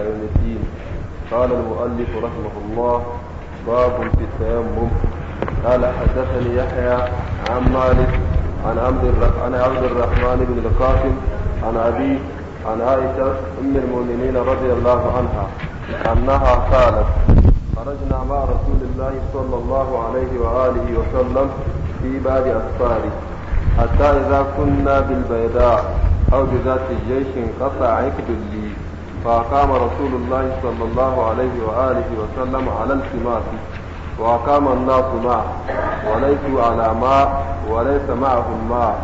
يوم الدين قال المؤلف رحمه الله باب في التيمم قال حدثني يحيى عن مالك عن عبد عن عبد الرحمن بن القاسم عن أبي عن عائشة أم المؤمنين رضي الله عنها أنها قالت خرجنا مع رسول الله صلى الله عليه وآله وسلم في بعض أسفاره حتى إذا كنا بالبيداء أو بذات الجيش انقطع عقد لي فأقام رسول الله صلى الله عليه وآله وسلم على التماس وأقام الناس معه وليس على ماء وليس معهم ماء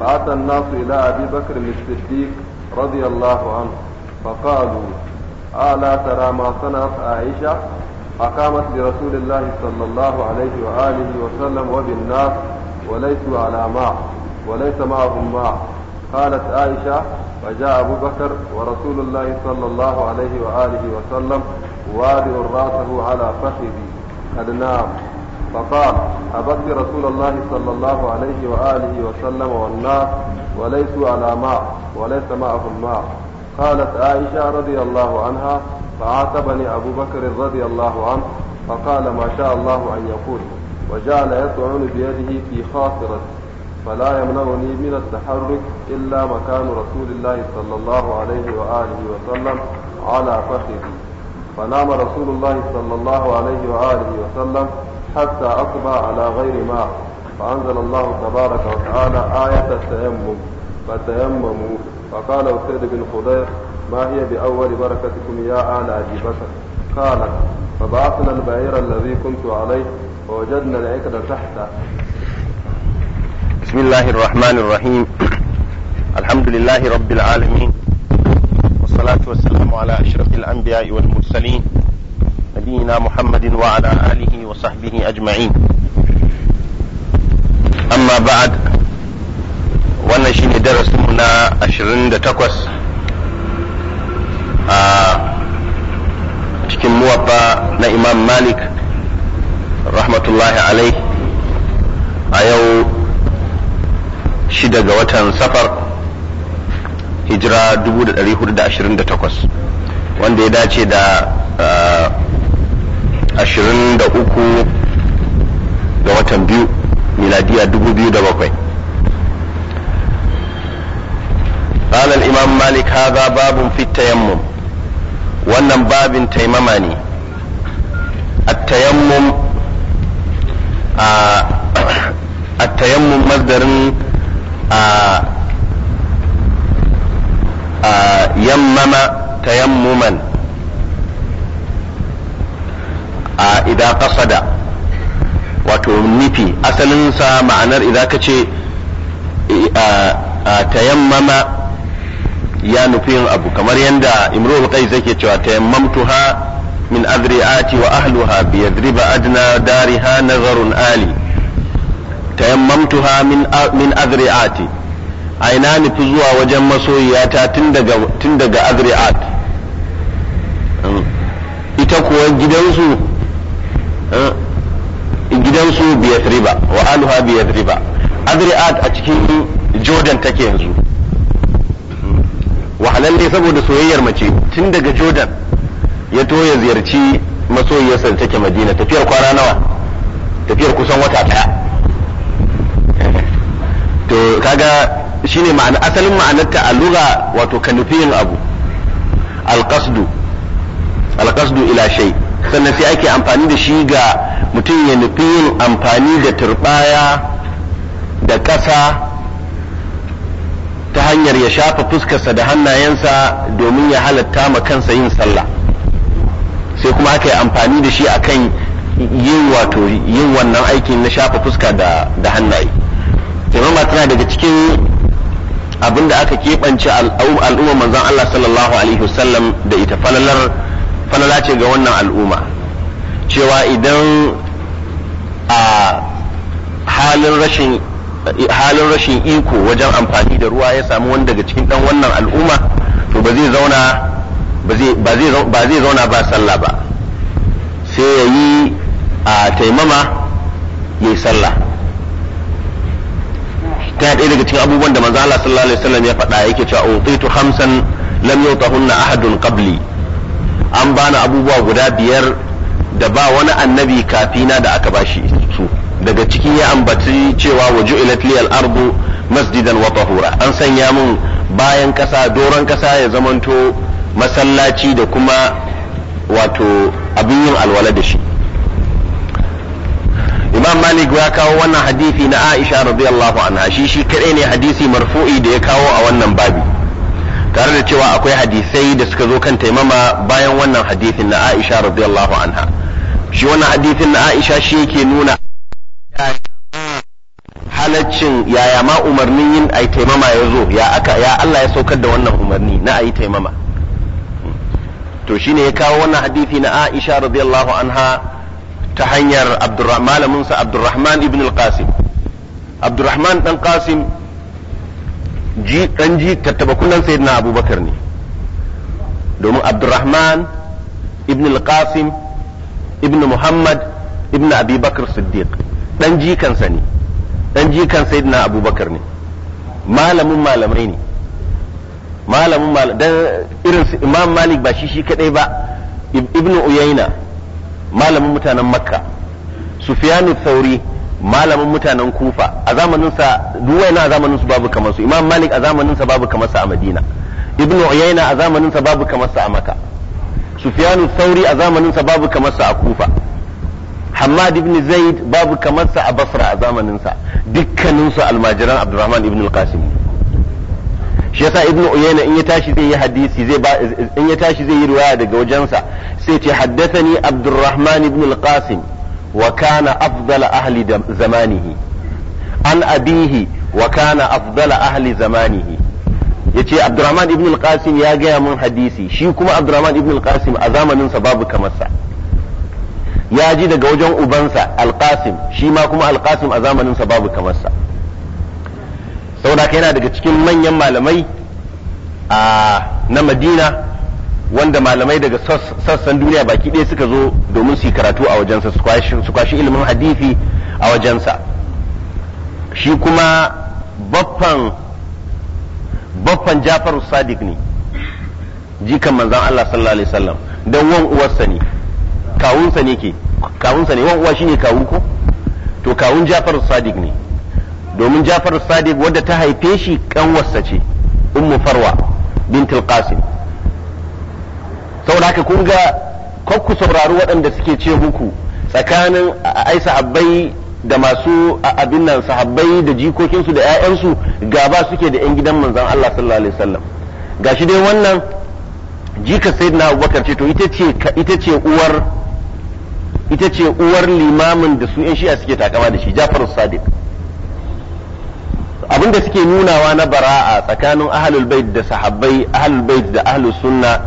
فأتى الناس إلى أبي بكر الصديق رضي الله عنه فقالوا ألا ترى ما صنعت عائشة أقامت لرسول الله صلى الله عليه وآله وسلم وبالناس وليسوا على ماء وليس معهم ماء قالت عائشة فجاء أبو بكر ورسول الله صلى الله عليه وآله وسلم وادع رأسه على فخذي قد نام فقال أبكي رسول الله صلى الله عليه وآله وسلم والناس وليسوا على ماء وليس معه الماء قالت عائشة رضي الله عنها فعاتبني أبو بكر رضي الله عنه فقال ما شاء الله أن يقول وجعل يطعن بيده في خاصرته فلا يمنعني من التحرك إلا مكان رسول الله صلى الله عليه وآله وسلم على فخذي فنام رسول الله صلى الله عليه وآله وسلم حتى أصبح على غير ماء فأنزل الله تبارك وتعالى آية التيمم فتيمموا فقال أسيد بن خضير ما هي بأول بركتكم يا آل أبي بكر قالت فبعثنا البعير الذي كنت عليه ووجدنا العكر تحته بسم الله الرحمن الرحيم الحمد لله رب العالمين والصلاة والسلام على أشرف الأنبياء والمرسلين نبينا محمد وعلى آله وصحبه أجمعين أما بعد وانا درس منا أشرين دتكوس أشكم muwaffa نإمام مالك رحمة الله عليه أيو shida ga watan safar hijira 1428 wanda ya dace da 23 ah, ga watan biyu miladiya 2007 قال الإمام مالك هذا باب في التيمم wannan babin taimama ne التيمم التيمم مصدر a yammama tayammuman a idan kasada wato nufi asalinsa ma'anar idan ka ce tayammama ya nufi abu kamar yadda hukai zai ke cewa ha min adri'ati wa ahluha bi yadriba adna dariha nazarun ali tayammamtuha min min azri'ati a ina nufi zuwa wajen masoyiyata tun daga tun daga azri'at hmm. ita kuwa gidansu hmm, gidansu riba wa aluha riba azri'at a cikin jordan take yanzu hmm. wahalalle saboda soyayyar mace tun daga jordan ya to ya ziyarci masoyiyarsa da take madina tafiyar kwana nawa tafiyar kusan wata daya to kaga shine ma'ana asalin ma'anarta a lugha wato ka nufi yin abu alƙasdu alƙasdu ila shay sannan sai ake amfani da shi ga mutum ya nufi yin amfani da turbaya da ƙasa ta hanyar ya shafa fuskarsa da hannayensa domin ya halatta ma kansa yin sallah sai kuma aka yi amfani da shi akan yin wato yin wannan aikin na shafa fuska da hannaye taimama tana daga cikin abin da aka keɓance al'ummar manzon Allah sallallahu alaihi wasallam da ita falalar falala ce ga wannan al'umma cewa idan a halin rashin halin rashin iko wajen amfani da ruwa ya samu wani daga cikin dan wannan al'umma to ba zai zauna ba zai zauna ba sallah ba sai ya yi a taimama ya yi sallah ta ɗaya daga cikin abubuwan da manzo Allah sallallahu alaihi wasallam ya faɗa yake cewa utitu khamsan lam yutahunna ahadun qabli an bani abubuwa guda biyar da ba wani annabi kafina da aka bashi su daga cikin ya ambaci cewa waju ju'ilat li ardu masjidan wa tahura an sanya mun bayan kasa doron kasa ya zamanto masallaci da kuma wato abin yin alwala da shi imam malik ya kawo wannan hadisi na aisha radiyallahu anha shi shi kadai ne hadisi marfu'i da ya kawo a wannan babi tare da cewa akwai hadisai da suka zo kan taimama bayan wannan hadisin na aisha radiyallahu anha shi wannan hadisin na aisha shi yake nuna halaccin yaya ma umarnin yin ai taimama ya zo ya aka ya Allah ya saukar da wannan umarni na ai taimama to shine ya kawo wannan hadisi na aisha radiyallahu anha ta hanyar malaminsa abdurrahman ibn al-qasim abdurrahman dan qasim dan ji tattaba kunan sayyidina abubakar ne domin abdurrahman ibn al-qasim ibn muhammad ibn abubakar siddiq dan kansa ne dan jikan sayyidina abubakar ne malamin malamai ne malamin malamai dan irin imam malik ba shi shi kadai ba ibn uyayna malamin mutanen makka Sufiyanu thauri malamin mutanen kufa a zamanin sa duwaina a zamanin su babu kamar su imam malik a zamanin sa babu kamar sa a madina ibn uyayna a zamanin sa babu kamar sa a makka Sufiyanu thauri a zamanin sa babu kamar sa a kufa Hamad ibn Zaid babu kamar sa a Basra a zamanin sa dukkanin su almajiran Abdurrahman ibn al-Qasim shi yasa ibnu uyayna in ya tashi zai yi hadisi zai ba in ya tashi zai yi riwaya daga wajensa sai ce haddathani abdurrahman ibn alqasim wa kana afdal ahli zamanihi an abihi wa kana afdal ahli zamanihi yace abdurrahman ibn alqasim ya gaya mun hadisi shi kuma abdurrahman ibn alqasim a zamanin sa babu kamar sa ya ji daga wajen ubansa alqasim shi ma kuma alqasim a zamanin sa babu kamar sa saboda yana daga cikin manyan malamai a na madina wanda malamai daga sassan duniya baki ɗaya suka zo domin su yi karatu a wajensa su kwashi ilimin hadithi a wajensa shi kuma baffan baffan jafaru sadiq ne jikan manzan Allah sallallahu alaihi wasallam don wan uwarsa ne kawunsa ne ke kawunsa ne wan uwa shine kawu ko to kawun jafaru sadiq ne domin Jafar Sadiq wadda ta haife shi kanwarsa ce Ummu Farwa bintul Qasim saboda haka kun ga ku saurari waɗanda suke ce huku tsakanin ai sahabbai da masu abin nan sahabbai da jikokinsu da 'ya'yansu gaba suke da 'yan gidan manzan Allah sallallahu alaihi wasallam gashi dai wannan jika sayyidina Abubakar ce to ita ce ita uwar ita ce uwar limamin da su 'yan shi'a suke takama da shi Jafar Sadiq da suke nunawa na bara'a tsakanin ahlul bait da sahabbai ahlul bait da ahlus sunna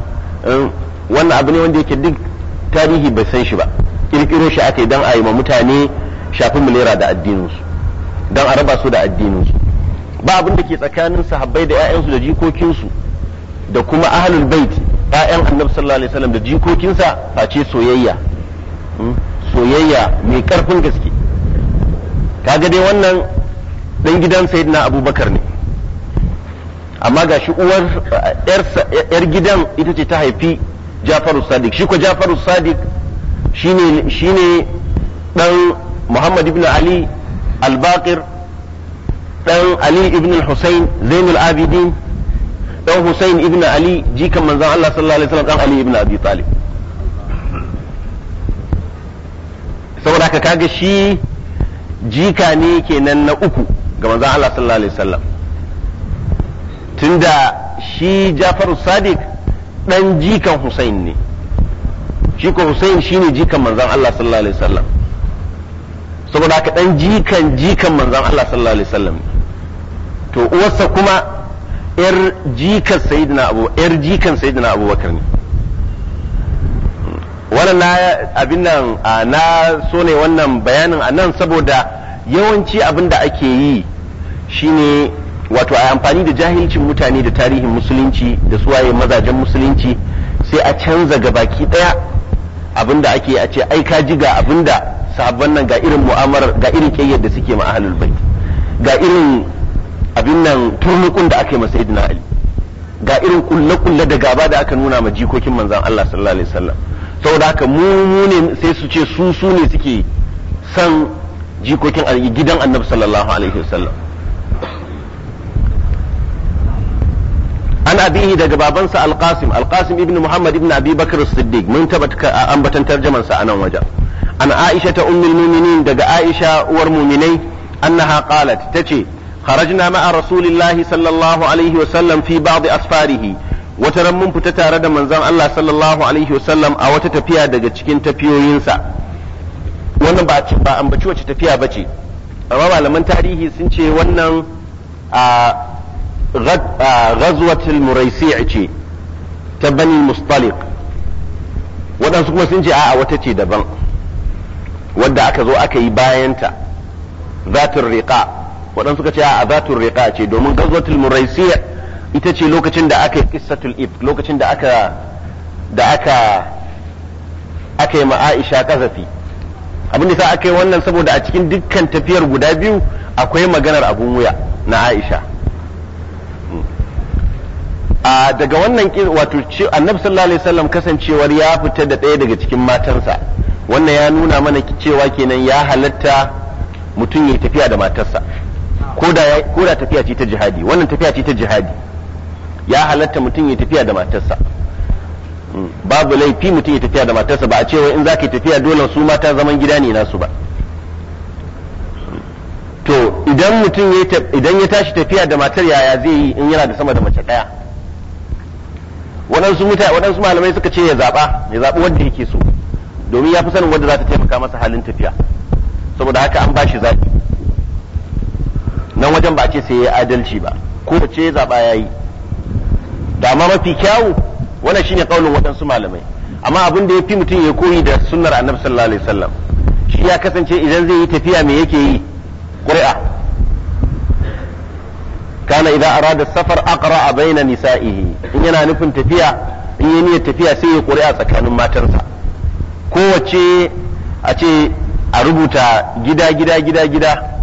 um, wannan abu ne wanda yake duk tarihi bai san shi ba kirkiro shi aka yi don a yi ma mutane shafin milera da addininsu don a raba su da addininsu ba abin da ke tsakanin sahabbai da 'ya'yansu da jikokinsu da kuma ahlul bait 'ya'yan annabi sallallahu alaihi wasallam da jikokinsa face soyayya um, soyayya mai karfin gaske kaga dai wannan dan gidan sayyidina abubakar ne amma ga shi uwar yar gidan ita ce ta haifi jafaru sadiq shi ko jafaru sadiq shine shine dan muhammad ibn ali al-baqir dan ali ibn al-husayn zainul abidin dan husayn ibn ali jikan manzon Allah sallallahu alaihi wasallam dan ali ibn abi talib saboda haka kaga shi jika ne kenan na uku ga manzon Allah sallallahu alaihi wasallam tunda shi Jafaru Sadiq dan jikan Hussein ne shi ko Hussein shine jikan manzon Allah sallallahu alaihi wasallam saboda haka dan jikan jikan manzon Allah sallallahu alaihi wasallam to uwarsa kuma yar jikan sayyidina Abu yar jikan sayyidina Abubakar ne wannan na abin nan na so ne wannan bayanin a nan saboda yawanci abin da ake yi shine wato a amfani da jahilcin mutane da tarihin musulunci da suwaye mazajen musulunci sai a canza gabaki daya abin da ake a ce ai ka ji ga abin da sabon nan ga irin mu'amalar ga irin kayyar da suke ma'ahalul bai ga irin abin nan turnukun da aka yi masa idina ali ga irin kulle-kulle da gaba da aka nuna ma jikokin manzan Allah sallallahu alaihi wasallam saboda haka mu mu ne sai su ce su su ne suke san jikokin gidan annabi sallallahu alaihi wasallam an abihi daga babansa alqasim alqasim ibn muhammad ibn abi bakr as-siddiq mun tabbata ambatan tarjaman sa anan wajen an aisha ta ummul mu'minin daga aisha uwar mu'minai annaha qalat tace kharajna ma'a rasulillahi sallallahu alaihi wasallam fi ba'd asfarihi wata ran mun fita tare da manzon Allah sallallahu alaihi wasallam a wata tafiya daga cikin tafiyoyinsa wannan ba ba ambaci wace tafiya bace amma malaman tarihi sun ce wannan a ghazwatul muraisi ce ta bani mustaliq waɗansu kuma sun ce a'a wata ce daban wadda aka zo aka yi bayanta zatun riƙa waɗansu suka ce a zatun riƙa ce domin gazwatul muraisi ita ce lokacin da aka yi qissatul ib lokacin da aka da aka aka yi ma'aisha kazafi abin da sa aka yi wannan saboda a cikin dukkan tafiyar guda biyu akwai maganar abun wuya na aisha a daga wannan wato annabi sallallahu alaihi wasallam kasancewar ya fita da ɗaya daga cikin matansa wannan ya nuna mana cewa kenan ya halatta mutum ya tafiya da matarsa ko da tafiya ce ta jihadi wannan tafiya ce ta jihadi ya halatta mutum ya tafiya da matarsa babu laifi mutum ya tafiya da matarsa ba a cewa in za ka tafiya dole su mata zaman gida ne nasu ba to idan mutum idan ya tashi tafiya da matar yaya zai yi in yana da sama da mace daya waɗansu mutane waɗansu malamai suka ce ya zaba ya zaɓi wanda yake so domin ya fi sanin wanda za ta taimaka masa halin tafiya saboda haka an bashi zaɓi nan wajen ba a ce sai ya adalci ba ko ce zaba zaɓa ya yi da amma mafi kyawu wannan shine kaulin waɗansu malamai amma abin da ya fi mutum ya koyi da sunnar annabi sallallahu alaihi wasallam shi ya kasance idan zai yi tafiya me yake yi ƙuri'a kana idan arada safar aqra baina nisa'ihi in yana nufin tafiya in yi niyyar tafiya sai ya ƙuri'a tsakanin matarsa kowace a ce a rubuta gida gida gida gida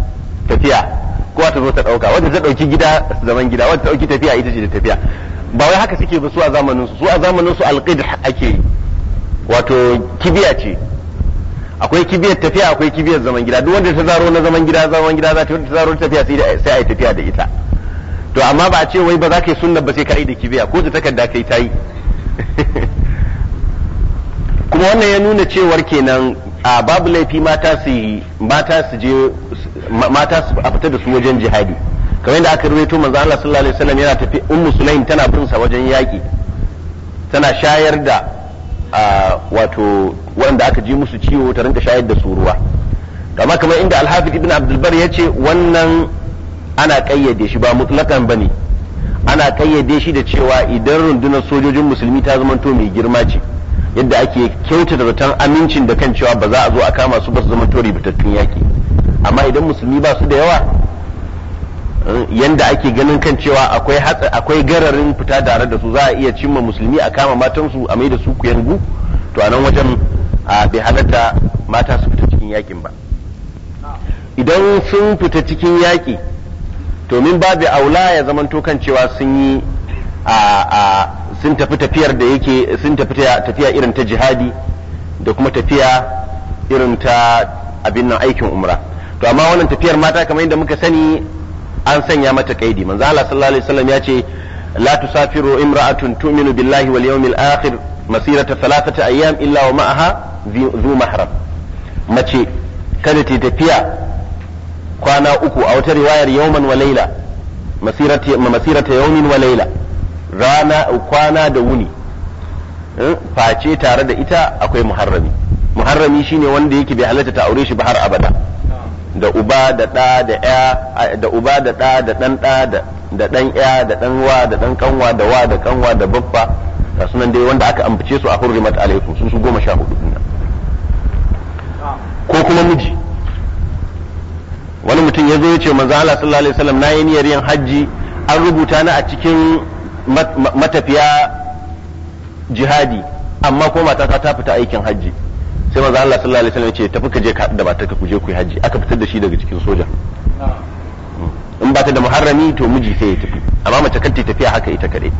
tafiya kowa ta zo ta ɗauka wanda ta ɗauki gida zaman gida wanda ta ɗauki tafiya ita ce tafiya ba wai haka suke ba su a zamanin su su a zamanin su alqidh ake yi wato kibiya ce akwai kibiyar tafiya akwai kibiyar zaman gida duk wanda ta zaro na zaman gida zaman gida za ta wanda ta zaro ta tafiya sai a yi tafiya da ita to amma ba a ce wai ba za ka yi sunna ba sai ka yi da kibiya ko da takarda kai ta yi kuma wannan ya nuna cewar kenan a babu laifi mata su mata su je mata su a fita da su wajen jihadi kamar yadda aka rubuto manzo Allah sallallahu alaihi wasallam yana tafi ummu sulaim tana bin sa wajen yaki tana shayar da wato wanda aka ji musu ciwo ta rinka shayar da su ruwa kama kamar inda Alhafi ibn abdul bar yace wannan ana kayyade shi ba mutlakan bane ana kayyade shi da cewa idan rundunar sojojin musulmi ta zamanto mai girma ce yadda ake kyautata zaton amincin da kan cewa ba za a zo a kama su ba su tori ribatattun yaki amma idan musulmi ba su da yawa yanda ake ganin kan cewa akwai akwai gararin fita tare da su za a iya cimma musulmi a kama matansu a mai da su yangu to a nan wajen bai halatta mata su fita cikin yakin ba idan sun fita cikin yaki to min babu aula ya zamanto kan cewa sun yi a sun tafi tafiyar da yake sun tafi tafiya irin ta jihadi da kuma tafiya irin ta abin nan aikin umra to amma wannan tafiyar mata kamar yadda muka sani an sanya mata kaidi manzo Allah sallallahu alaihi wasallam ya ce la tusafiru imra'atun tu'minu billahi wal yawmil akhir masirata thalathata ayyam illa wa ma'aha zu mahram mace kada ta tafiya kwana uku a wata riwayar yawman wa layla masirata masirata yawmin wa layla rana kwana da wuni hmm? face tare da ita akwai muharrami muharrami shine wanda yake bai halatta ta aure shi ba har abada da uba da ɗa da ya da uba da ɗa da ɗan ɗa da ɗan ya da ɗan wa da ɗan kanwa da wa da kanwa da babba ga sunan dai wanda aka ambace su a hurrimat alaikum sun su goma sha hudu dinnan ko kuma miji wani mutum ya zo ya ce manzo Allah sallallahu alaihi wasallam na yi niyyar yin hajji an rubuta ni a cikin matafiya jihadi amma ko mata ta fita aikin hajji sai manzo Allah sallallahu alaihi wasallam ya ce tafi ka je ka da matar ka ku je ku yi haji aka fitar da shi daga cikin soja in ba ta da muharrami to miji sai ya tafi amma mace kanta ta tafiya haka ita kadai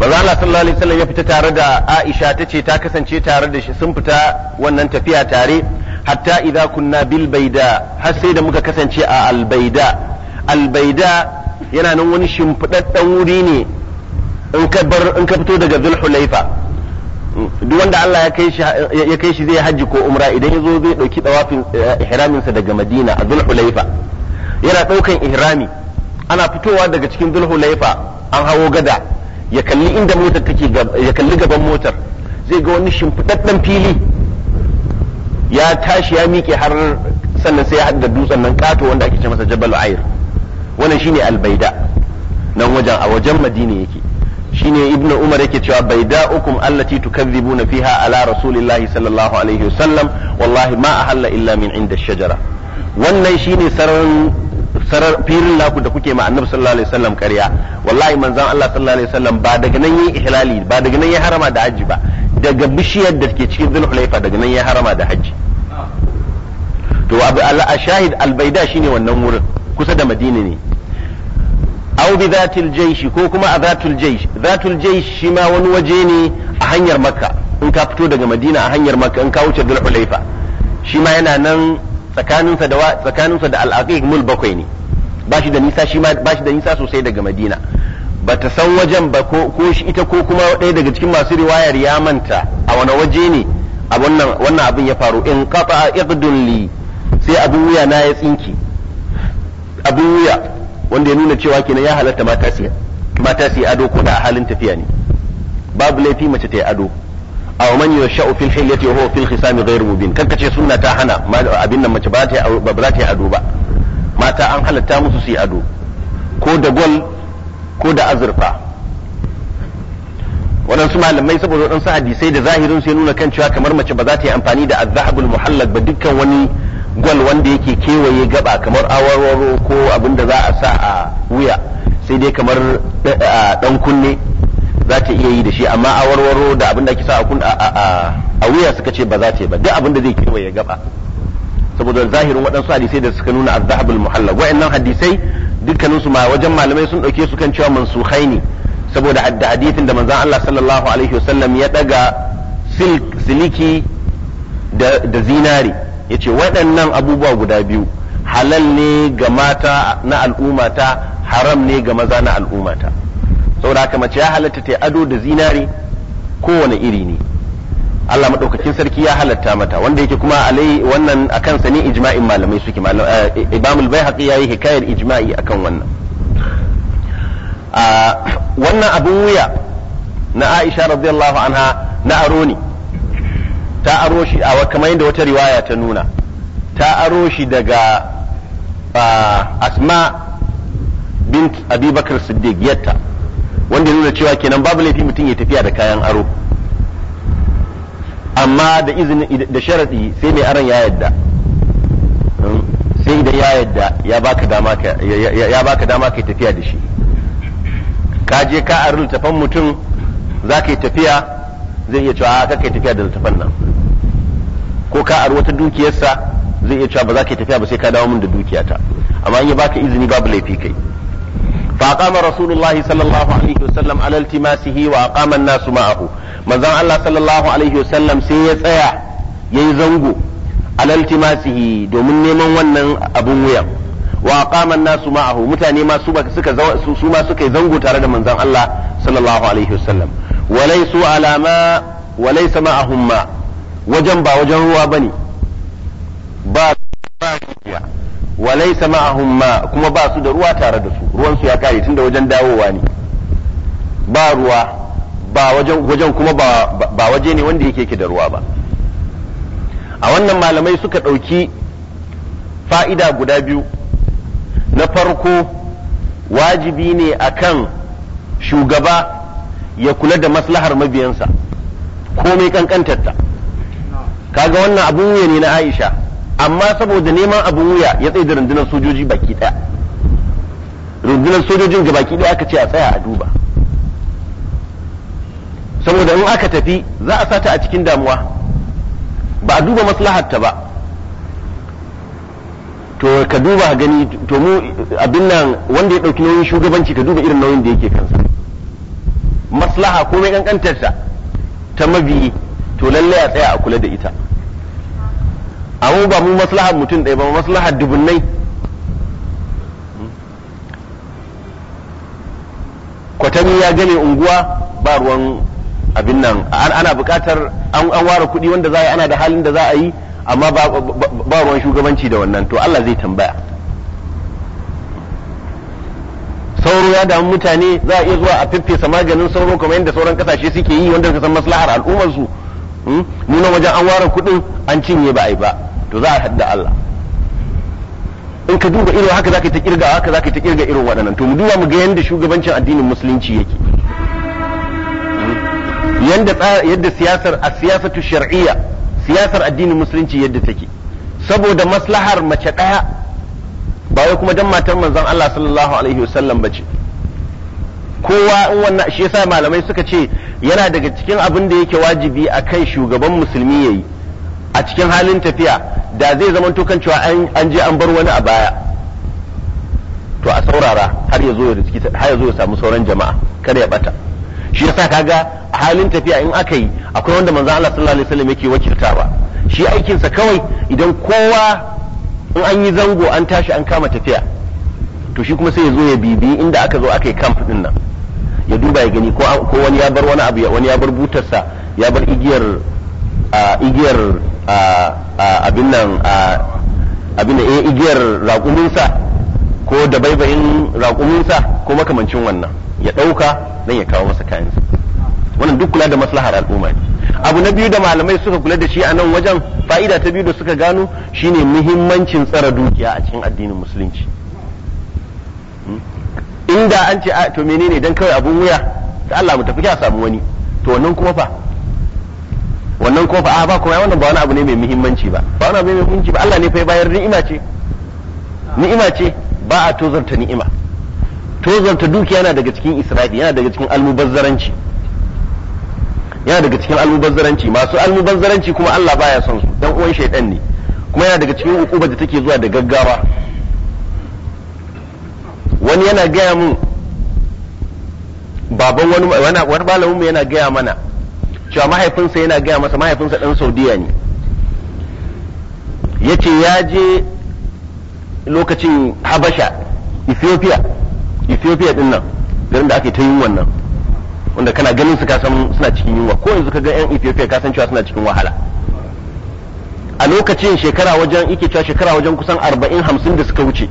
manzo Allah sallallahu alaihi wasallam ya fita tare da Aisha tace ta kasance tare da shi sun fita wannan tafiya tare hatta idza kunna bil baida har sai da muka kasance a al baida al baida yana nan wani shimfidaddan wuri ne in ka bar in ka fito daga Dhul Hulaifa duk wanda Allah ya kai shi zai hajji ko umra idan yazo zai ɗauki dawafin eh, ihramin sa daga Madina a Dhul-Hulaifa yana ɗaukan ihrami ana fitowa daga cikin Dhul-Hulaifa an hawo gada ya kalli inda motar take ya kalli gaban motar zai ga wani shimfidaddan fili ya tashi ya miƙe har sannan sai ya haɗa dutsen nan kato wanda ake ce masa Jabal Air wannan shine Albaida nan wajen a wajen Madina yake shine ibnu umar yake cewa bai da'ukum allati tukadzibuna fiha ala rasulillahi sallallahu alaihi wasallam wallahi ma ahalla illa min inda shajara wannan shine sararin sarar firin laku da kuke ma annabi sallallahu alaihi wasallam ƙarya wallahi manzon Allah sallallahu alaihi wasallam ba daga nan yayi ihlali ba daga nan ya harama da haji ba daga bishiyar da ke cikin laifa daga nan ya harama da haji to abu al-ashahid al-baida shine wannan wurin kusa da madina ne aw bi zatil jaishi ko kuma a zatul jaish zatul jaish shi ma wani waje ne a hanyar makka in ka fito daga madina a hanyar makka in ka wuce dul hulaifa shi ma yana nan tsakaninsa da tsakaninsa da al-aqiq mul bakwai ne ba da nisa shi ma ba da nisa sosai daga madina ba ta san wajen ba ko ko shi ita ko kuma ɗaya daga cikin masu riwayar ya manta a wani waje ne a wannan wannan abin ya faru in qata iqdun li sai abin wuya na ya tsinki abin wuya wanda ya nuna cewa kenan ya halatta mata su mata su ado ko da halin tafiya ne babu laifi mace ta yi ado wa man yasha'u fil hilyati wa huwa fil khisam ghayr mubin kanka ce sunna ta hana abin nan mace ba za ta yi ado ba mata an halatta musu su yi ado ko da gol ko da azurfa waɗansu malamai saboda waɗansu hadisai da zahirin su ya nuna kan cewa kamar mace ba za ta yi amfani da azhabul muhallad ba dukkan wani gwal wanda yake kewaye gaba kamar awarwaro ko abin da za a sa a wuya sai dai kamar dan eh, kunne za ta iya yi da shi amma awarwaro da abin da ake sa a wuya suka ce ba za ta yi ba duk abin da zai kewaye gaba saboda zahirin waɗansu hadisai da suka nuna azhabul muhalla wa'annan hadisai dukkaninsu ma wajen malamai sun ɗauke su kan cewa mansukhai ne saboda hadda hadithin da manzon Allah sallallahu alaihi wasallam ya daga siliki da zinari ya ce waɗannan abubuwa guda biyu halal ne ga mata na al'ummata haram ne ga maza na al'ummata saboda haka mace ya halatta ta ado da zinari kowane iri ne Allah maɗaukakin sarki ya halatta mata wanda yake kuma alai wannan akan sa ne ijma'in malamai suke eh, Imamul hikayar ijma'i akan wannan ah, wannan abin wuya na Aisha radiyallahu anha na aro ne ta aro shi a kamar yadda wata riwaya ta nuna ta aro shi daga asma bint abubakar siddiq yatta wanda nuna cewa kenan babu laifi mutum ya tafiya da kayan aro amma da izini da sharadi sai mai aron ya yadda sai da ya yadda ya baka dama ka tafiya da shi ka je ka arin tafan mutum za ka yi tafiya zai iya cewa ka kai tafiya da littafan nan ko ka ar wata dukiyarsa zai iya cewa ba za ka tafiya ba sai ka dawo min da dukiyata amma in ya baka izini babu laifi kai fa qama rasulullah sallallahu alaihi wasallam ala iltimasihi wa aqama an-nas ma'ahu manzon Allah sallallahu alaihi wasallam sai ya tsaya yayi zango ala iltimasihi domin neman wannan abun wuyan wa aqama an-nas ma'ahu mutane ma su suka su ma suka zango tare da manzon Allah sallallahu alaihi wasallam walaisu alama walaisa ma'ahum ma wajen ba wajen ruwa bane ba rijiya walaisa ma'ahum ma kuma ba su da ruwa tare da su ruwan su ya kare tunda wajen dawowa ne ba ruwa ba wajen wajen kuma ba waje ne wanda yake da ruwa ba a wannan malamai suka ɗauki fa'ida guda biyu na farko wajibi ne akan shugaba ya kula da maslahar mabiyansa komai kankantarta kaga wannan abun wuya ne na Aisha amma saboda neman abun wuya ya tsaye da rundunar sojoji baki daya rundunar sojojin ga baki daya aka ce a tsaya a duba saboda in aka tafi za a sata a cikin damuwa ba a duba maslaharta ba to ka duba gani to mu abin nan wanda ya dauki nauyin shugabanci ka duba irin nauyin da yake kansa maslaha ko mai kankantarta ta mabi to lalle a tsaya a kula da ita amma ba mu maslahar mutum ɗaya ba maslahar dubunnai kwatami ya gane unguwa ba ruwan abin nan ana buƙatar an ware kuɗi wanda za a yi ana da halin da za a yi amma ba ruwan shugabanci da wannan to Allah zai tambaya sauro ya damu mutane za a iya zuwa a fiffesa maganin sauro kamar yadda sauran kasashe suke yi wanda suka san maslahar al'ummar su nuna hmm? wajen an ware kudin an cinye ba a yi ba to za a hadda Allah in ka duba irin haka zaka ta kirga haka zaka ta kirga irin waɗannan to mu duba mu ga yadda shugabancin addinin musulunci yake hmm? yanda yadda siyasar as-siyasatu shar'iyya siyasar addinin musulunci yadda take saboda maslahar mace ɗaya ba wai kuma dan matar manzon Allah sallallahu alaihi wasallam bace kowa in wannan shi yasa malamai suka ce yana daga cikin abin da yake wajibi akan shugaban musulmi yayi a cikin halin tafiya da zai zama kan cewa an je an bar wani a baya to a saurara har ya zo ya riski har ya ya samu sauran jama'a kada ya bata shi yasa kaga a halin tafiya in aka yi akwai wanda manzon Allah sallallahu alaihi wasallam yake wakiltawa shi aikinsa kawai idan kowa in an yi zango an tashi an kama tafiya to shi kuma sai ya zo ya bibi inda aka zo aka yi camp din nan ya duba ya gani ko wani ya bar wani abu wani ya bar butarsa ya bar igiyar igiyar abin nan abin da eh, igiyar raƙuminsa ko da baibayin raƙuminsa ko makamancin wannan ya ɗauka don ya kawo masa kayansa wannan duk kula da maslahar al'umma ne abu na biyu da malamai suka kula da shi a nan wajen fa'ida ta biyu da suka gano shine muhimmancin tsara dukiya a cikin addinin musulunci hmm? inda an ce a to menene dan kawai abun wuya da Allah mu tafi a samu wani to wannan kuma fa wannan kuma fa a ba kuma wannan ba wani abu ne mai muhimmanci ba ba wani abu ne mai muhimmanci ba Allah ne fa ya bayar ni'ima ce ni'ima ce ba a tozarta ni'ima tozarta dukiya yana daga cikin israfi yana daga cikin almubazzaranci yana daga cikin almubazzaranci masu almubazzaranci kuma Allah baya son su dan uwan shaidan ne kuma yana daga cikin ukuba da take zuwa da gaggawa wani yana gaya mun baban wani wani malamin mu yana gaya mana cewa mahaifinsa yana gaya masa mahaifinsa dan Saudiya ne yace ya je lokacin Habasha Ethiopia Ethiopia din nan garin da ake ta yin wannan wanda kana ganin su kasan suna cikin yunwa ko yanzu ka ga yan Ethiopia kasan cewa suna cikin wahala a lokacin shekara wajen yake cewa shekara wajen kusan 40 50 da suka wuce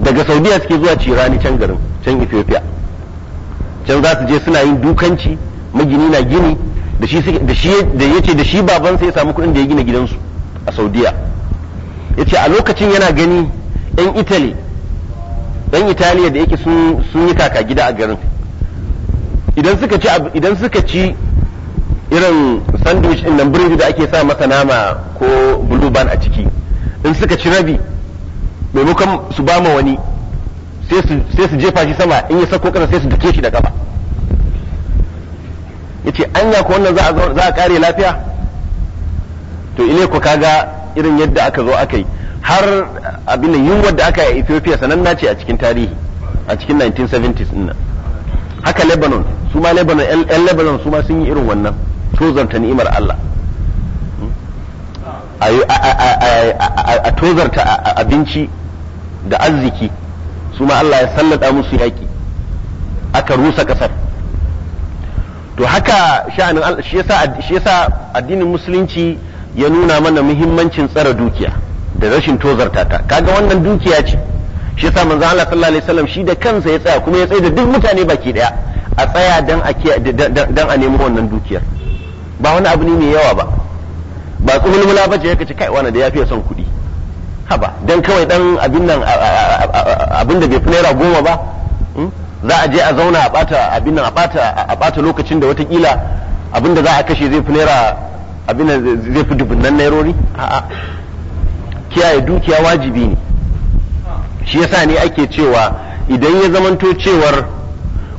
daga Saudiya suke zuwa cirani can garin can Ethiopia can za su je suna yin dukanci magini na gini da shi da shi da yace da shi baban sai ya samu kuɗin da ya gina gidansu a Saudiya yace a lokacin yana gani yan Italy dan Italiya da yake sun yi kaka gida a garin idan suka ci idan suka ci irin sandwich din nan biredi da ake sa masa nama ko blue band a ciki in suka ci rabi maimakon su ba ma wani sai su jefa shi sama in ya sako kasa sai su duke shi da gaba yace anya ko wannan za a kare lafiya to ile ku kaga irin yadda aka zo aka yi har abin yunwar da aka yi a Ethiopia sanan nace a cikin tarihi a cikin 1970s din nan haka lebanon su ma lebanon yan lebanon su ma sun yi irin wannan tozarta ni'imar allah a tozarta abinci da arziki su ma allah ya sallata musu yaƙi aka rusa ƙasar to haka sha'anin shi yasa addinin musulunci ya nuna mana muhimmancin tsara dukiya da rashin tozarta ta kaga wannan dukiya ce shi yasa manzo Allah sallallahu alaihi wasallam shi da kansa ya tsaya kuma ya tsaya da duk mutane baki daya a tsaya dan a dan a nemi wannan dukiyar ba wani abu ne mai yawa ba ba tsumulmula ba ce yake ci kai wani da yafi son kuɗi haba dan kawai dan abin nan abin da bai fi naira goma ba hmm? za a je a zauna a bata abin nan a bata a bata lokacin da watakila abin da za a kashe zai fi naira abin nan zai fi dubunnan nairori a'a kiyaye dukiya wajibi ne shi yasa ne ake cewa idan ya zamanto cewar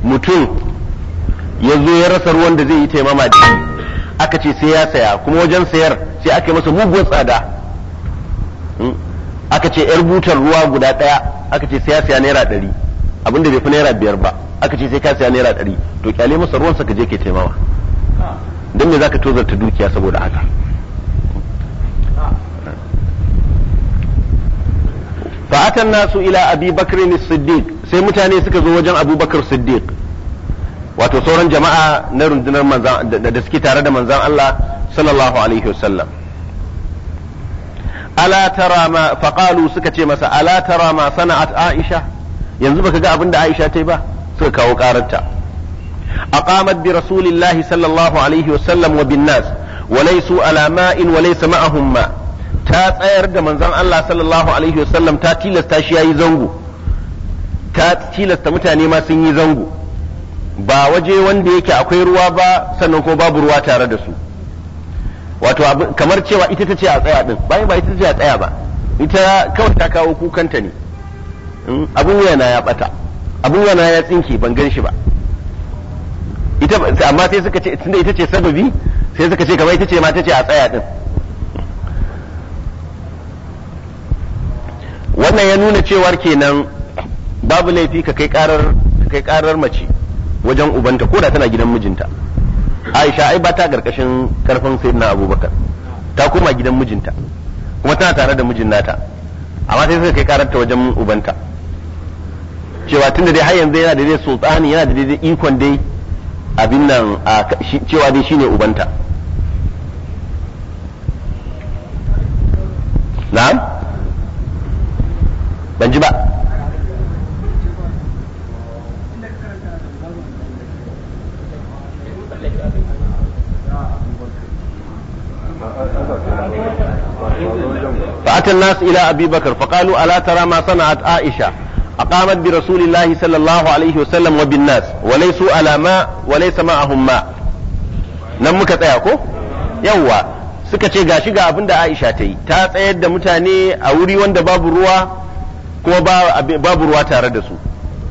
mutum ya zo ya rasa ruwan da zai yi taimama da shi aka ce sai ya saya kuma wajen sayar sai aka yi masa muguwar tsada hmm? aka ce yar butar ruwa guda daya aka ce sai ya saya naira ɗari abinda bai fi naira biyar ba aka ce sai ka saya naira ɗari to kyale masa ruwan sa ka je ke taimama ah. don me zaka tozarta dukiya saboda haka fa nasu ila abi bakr siddiq sai mutane suka zo wajen abubakar siddiq wato sauran jama'a na rundunar da suke tare da manzan Allah sallallahu alaihi wasallam ala tara ma faqalu suka ce masa ala tara ma sana'at aisha yanzu baka ga abin da aisha ta yi ba suka kawo karanta aqamat bi rasulillahi sallallahu alaihi wasallam wa bin nas wa laysu ala ma'in wa laysa ma'ahum ma' ta tsayar da manzon Allah sallallahu alaihi wasallam ta tilasta shi yayi zango ta tilasta mutane ma sun yi zango ba waje wanda yake akwai ruwa ba sannan kuma babu ruwa tare da su wato kamar cewa ita ta ce a tsaya din bayan ba ita ce a tsaya ba ita kawai ta kawo kukanta ne hmm, abun yana ya bata abun yana ya tsinke ban gan shi ba ita amma sai suka ce tunda ita ce sababi sai suka ce kamar ita ce ma ta ce a tsaya din wannan ya nuna cewar kenan babu laifi ka kai karar ka kai karar mace wajen ubanta ko da tana gidan mijinta Aisha ai ba ta karkashin karfin sayyidina Abubakar ta koma gidan mijinta kuma tana tare da mijin nata amma sai suka kai kararta wajen ubanta cewa tunda dai har yanzu yana da dai sultani yana da dai ikon dai abin nan cewa dai shine ubanta na'am ban ji ba fa atal nas ila abi bakr fa qalu ala tara ma aisha aqamat bi rasulillahi sallallahu alaihi wa sallam wa bin nas wa laysu ala ma wa laysa ma nan muka tsaya ko yawa suka ce gashi ga abinda aisha tayi ta tsayar da mutane a wuri wanda babu ruwa kuma babu ruwa tare da su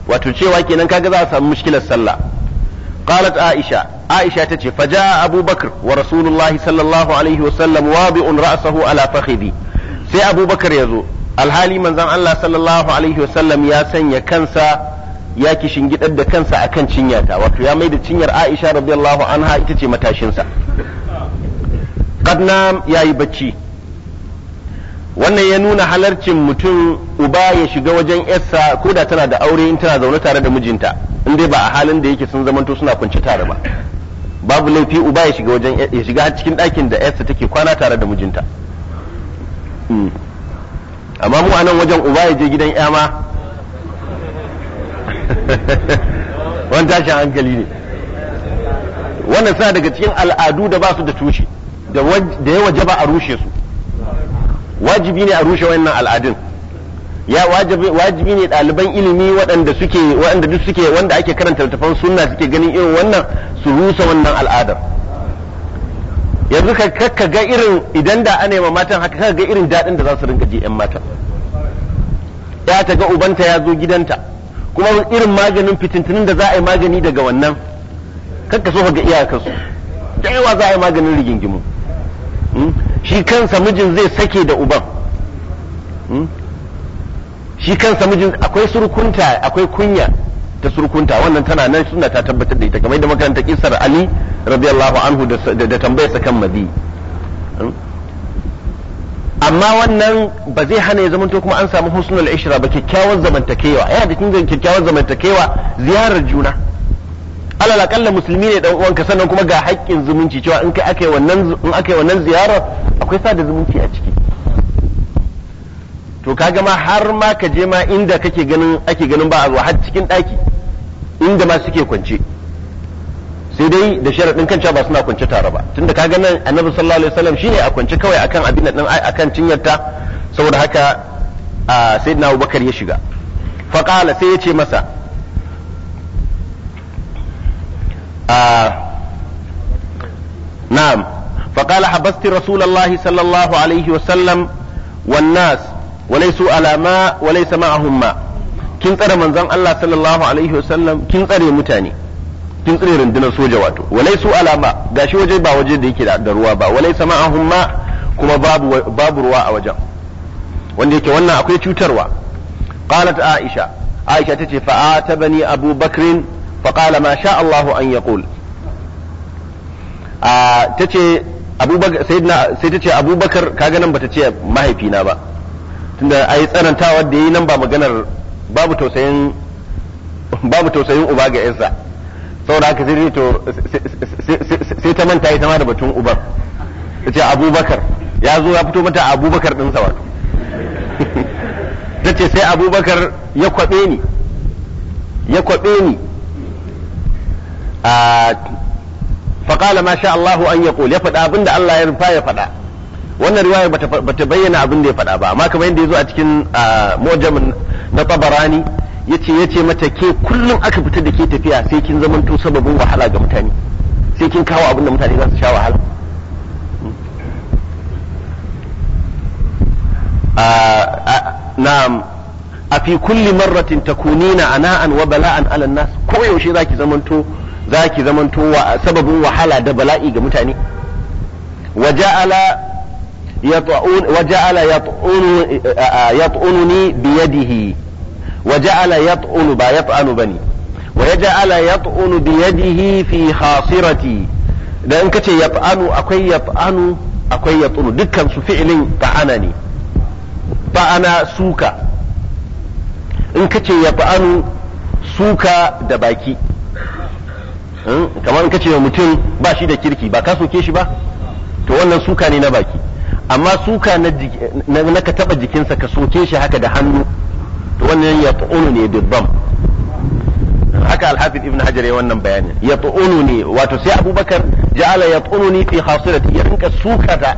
wato cewa kenan kaga za a samu mushkilar sallah qalat aisha aisha tace faja abubakar wa rasulullahi sallallahu alaihi wa sallam wabi'un ra'sahu ala fakhidi sai abubakar yazo alhali manzon Allah sallallahu alaihi wa sallam ya sanya kansa ya kishingidar da kansa akan ta wato ya maida cinyar aisha radiyallahu anha ita ce matashinsa qad ya yayi bacci wannan ya nuna halarcin mutum uba ya shiga wajen yarsa ko da tana da aure in tana zaune tare da mijinta in dai ba a halin da yake sun zamanto suna kunci tare ba babu laifi uba ya shiga wajen ya shiga cikin ɗakin da yarsa take kwana tare da mijinta hmm. amma mu a nan wajen uba ya je gidan ya ma wani tashin hankali ne wannan suna daga cikin al'adu da ba su da tushe da ya waje ba a rushe su wajibi ne a rushe wannan al'adun ya wajibi ne ɗaliban ilimi waɗanda suke waɗanda duk suke wanda ake karanta littafan sunna suke ganin irin wannan su rusa wannan al'adar yanzu ka kakka ga irin idan da ana ma matan haka kakka ga irin daɗin da za su rinka ji 'yan matan ya ta ga ubanta ya zo gidanta kuma irin maganin fitintunin da za a yi magani daga wannan kakka so ka ga iyakarsu da yawa za a yi maganin rigingimu hmm? shi kansa mijin zai sake da uban hmm? shi kansa mijin akwai surkunta akwai kunya ta surkunta wannan tana nan suna ta tabbatar da ita kamar da makaranta kisar ali radiyallahu anhu da tambayarsa kan madi hmm? amma wannan ba zai hana ya zamanto kuma an samu husnul ishra ba kyakkyawar zamantakewa yana da cikin kyakkyawar zamantakewa ziyarar juna alal akalla musulmi ne dan uwanka sannan kuma ga haƙƙin zumunci cewa in kai akai wannan in akai wannan ziyarar akwai da zumunci a ciki to kaga ma har ma ka je ma inda kake ganin ake ganin ba a zuwa har cikin ɗaki inda ma suke kwance sai dai da sharaɗin kan cewa ba suna kwance tare ba tunda kaga nan annabi sallallahu alaihi wasallam shine a kwance kawai akan abin nan akan cinyarta saboda haka sayyidina Abubakar ya shiga faqala sai ya ce masa نعم فقال حبست رسول الله صلى الله عليه وسلم والناس وليسوا على ماء وليس معهم ماء kin tsare manzon Allah sallallahu alaihi wasallam kin tsare mutane kin tsare rundunar soja wato walai su alama gashi waje ba waje da yake da ruwa ba walai sama'ahum ma kuma babu babu ruwa a wajen wanda yake wannan akwai cutarwa qalat aisha aisha tace fa abubakrin faƙala ma sha Allahu an ya ƙul ta ce sai ta ce abubakar kaga nan bata ce mahaifina ba tunda a yi tsanantawar da yi nan ba maganar babu tausayin babu tausayin uba ga yansa saboda haka sai to sai ta manta ita ma da batun uban ta ce abubakar ya zo ya fito mata abubakar ɗinsa wato ta ce sai abubakar ya kwaɓe ni ya kwaɓe ni faƙala ma sha Allahu an ya ya faɗa abin da Allah ya rufa ya faɗa wannan riwaya bata bayyana abin da ya faɗa ba amma kamar yadda ya zo a cikin mujamin na tabarani yace yace mata ke kullum aka fita da ke tafiya sai kin zamanto sababin wahala ga mutane sai kin kawo abin da mutane za su sha wahala na'am a fi kulli marratin takunina ana'an wa bala'an ala nas koyaushe zaki zamanto za ki zamanto sababin wahala da bala'i ga mutane waja'ala يطعون وجعل يطعون يطعنني ba وجعل يطعن با يطعن بني ويجعل يطعن بيده fi hasirati da in kace yat'anu akwai yat'anu akwai yat'unu dukkan su fi'ilin ta'ana ne ta'ana suka in ka kace yat'anu suka da baki Hmm? kamar ka ce mutum ba shi da kirki ba ka soke shi ba to wannan suka ne na baki amma suka na ka taba jikinsa ka soke shi haka da hannu to wannan ya ta'unu ne dirbam haka alhafiz ibn hajar ya wannan bayanin ya ta'unu ne wato sai abubakar ja'ala ya ta'unu ne fi hasirati ya rinka suka ta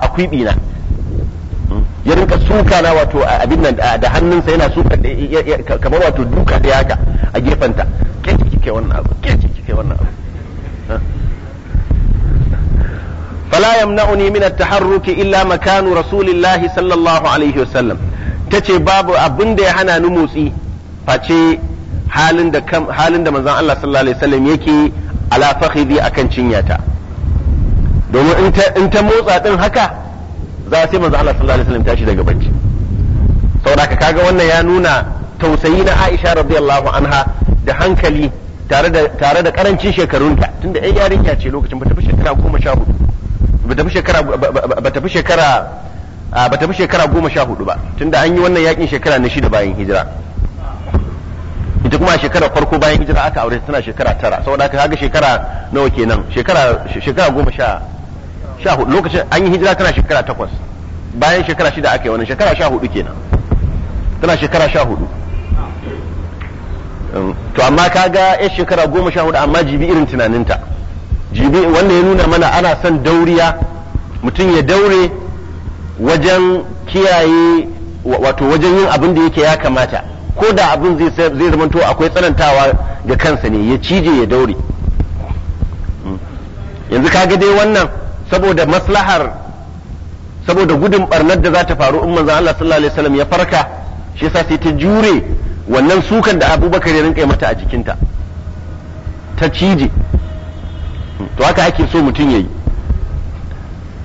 a kwibi na hmm? ya rinka suka na wato abin nan da hannunsa yana suka kamar wato duka da yaka a gefanta cike wannan abu ke ce cike wannan abu fala yamna'uni min at-taharruki illa makanu rasulillahi sallallahu alaihi wasallam tace babu abin da ya hana ni motsi face halin da halin da manzon Allah sallallahu alaihi wasallam yake ala fakhidi akan cinyata domin in ta in ta motsa din haka za sai manzon Allah sallallahu alaihi wasallam tashi daga bacci saboda kaga wannan ya nuna tausayi na Aisha radiyallahu anha da hankali tare da karancin shekarunta tunda ai yarinya ce lokacin bata fi shekara goma sha hudu bata fi shekara bata fi shekara bata fi shekara goma sha hudu ba tunda an yi wannan yakin shekara na shida bayan hijira ita kuma shekara farko bayan hijira aka aure tana shekara tara saboda haka kaga shekara nawa kenan shekara shekara goma sha sha hudu lokacin an yi hijira tana shekara takwas bayan shekara shida aka yi wannan shekara sha hudu kenan tana shekara sha hudu to amma ka ga ya shekara goma sha hudu amma jibi irin tunaninta jibi wanda ya nuna mana ana son dauriya mutum ya daure wajen kiyaye wato wajen yin abin da yake ya kamata ko da abin zai zama zamanto akwai tsanantawa ga kansa ne ya cije ya daure hmm. yanzu kaga dai wannan saboda maslahar saboda gudun barnar da za ta faru in manzon Allah sallallahu alaihi wasallam ya farka shi yasa sai ta jure wannan sukan da abubakar ya rinka mata a jikinta ta cije to haka ake so mutum ya yi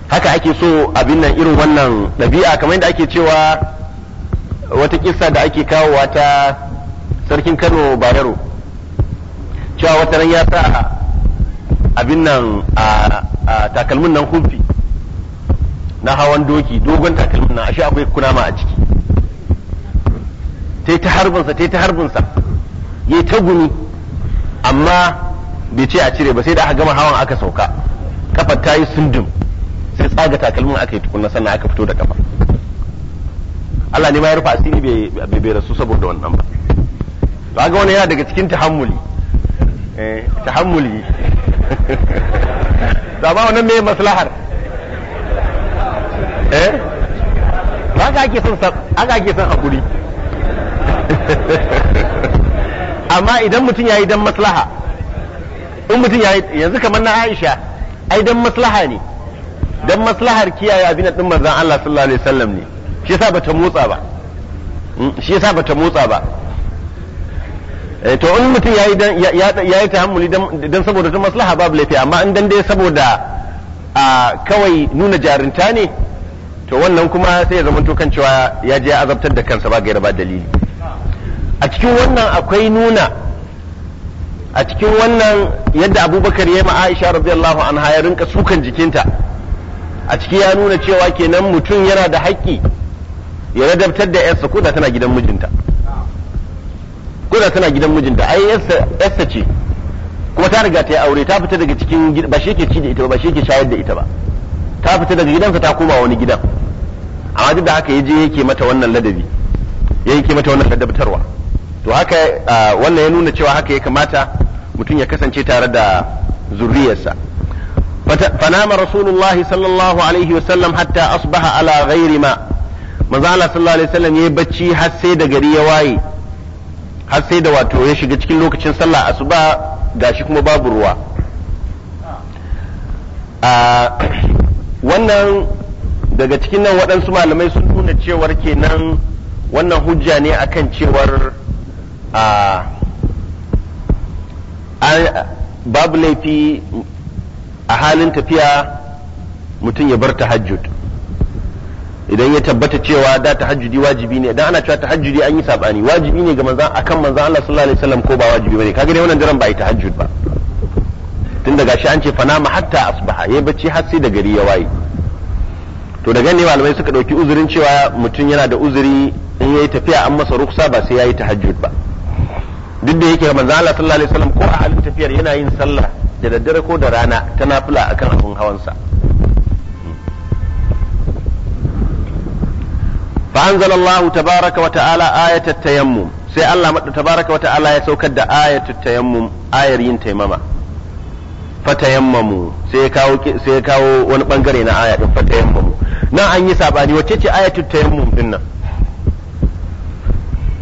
haka ake so abin nan irin wannan ɗabi'a kamar yadda ake cewa wata kissa da ake kawowa ta sarkin kano bayero cewa wata ran ya sa abin nan a takalmin nan hufi na hawan doki dogon takalmin nan ashe akwai kunama a ciki ta ta harbinsa ta ta harbinsa ya ta gumi amma bai ce a cire ba sai da aka gama hawan aka sauka kafar ta yi sundum sai tsaga takalmin aka yi tukunna sannan aka fito da kafa Allah ne ma ya rufa asiri bai bai rasu saboda wannan ba ba ga wani yana daga cikin tahammuli eh tahammuli da ba wannan me maslahar eh ba ka ake son aka ake son hakuri amma idan mutum ya yi don maslaha in mutum ya yi yanzu kamar na aisha ai don maslaha ne don maslahar kiyaye abin din manzon Allah sallallahu alaihi wasallam ne shi yasa bata motsa ba hmm, shi yasa bata motsa ba eh, to in mutum ya yi don ya yi tahammuli don saboda ta maslaha babu laifi amma in dan dai saboda a kawai nuna jarinta ne to wannan kuma sai ya zama to kan cewa ya je azabtar da kansa ba gaira ba dalili a cikin wannan akwai nuna a cikin wannan yadda abubakar ya ma aisha radiyallahu anha ya rinka sukan jikinta a ciki ya nuna cewa kenan mutum yana da haƙƙi ya ladabtar da yarsa ko da tana gidan mijinta ko da tana gidan mijinta ai yarsa ce kuma ta riga ta yi aure ta fita daga cikin ba shi ke ci da ita ba shi ke shayar da ita ba ta fita daga gidansa ta koma wani gidan amma duk da haka ya je yake mata wannan ladabi ya yake mata wannan ladabtarwa to haka wannan ya nuna cewa haka ya kamata mutum ya kasance tare da zurriyarsa fanama rasulullahi sallallahu alaihi wasallam hatta asbaha ala ghairi ma manzo Allah sallallahu alaihi wasallam yayi bacci har sai da gari ya waye har sai da wato ya shiga cikin lokacin sallah asuba gashi kuma babu ruwa a wannan daga cikin nan waɗansu malamai sun nuna cewar kenan wannan hujja ne akan cewar babu laifi a halin tafiya mutum ya bar tahajjud idan ya tabbata cewa da tahajjudi wajibi ne idan ana cewa tahajjudi an yi sabani wajibi ne ga manzan akan manzan Allah sallallahu alaihi wasallam ko ba wajibi bane kaga dai wannan daren ba yi tahajjud ba tun daga shi an ce fanama hatta asbaha yayi bacci har sai da gari ya waye to daga ne malamai suka dauki uzurin cewa mutum yana da uzuri in yayi tafiya an masa ruksa ba sai yayi tahajjud ba duk da yake manzo Allah sallallahu alaihi wasallam ko a halin tafiyar yana yin sallah da daddare ko da rana ta nafila akan abun hawansa fa anzalallahu tabaraka wa ta'ala ayatat tayammum sai Allah madda tabaraka wa ta'ala ya saukar da ayatat tayammum ayar yin taimama tayammamu sai kawo sai ya kawo wani bangare na aya din tayammamu nan an yi sabani wacce ce ayatul tayammum dinnan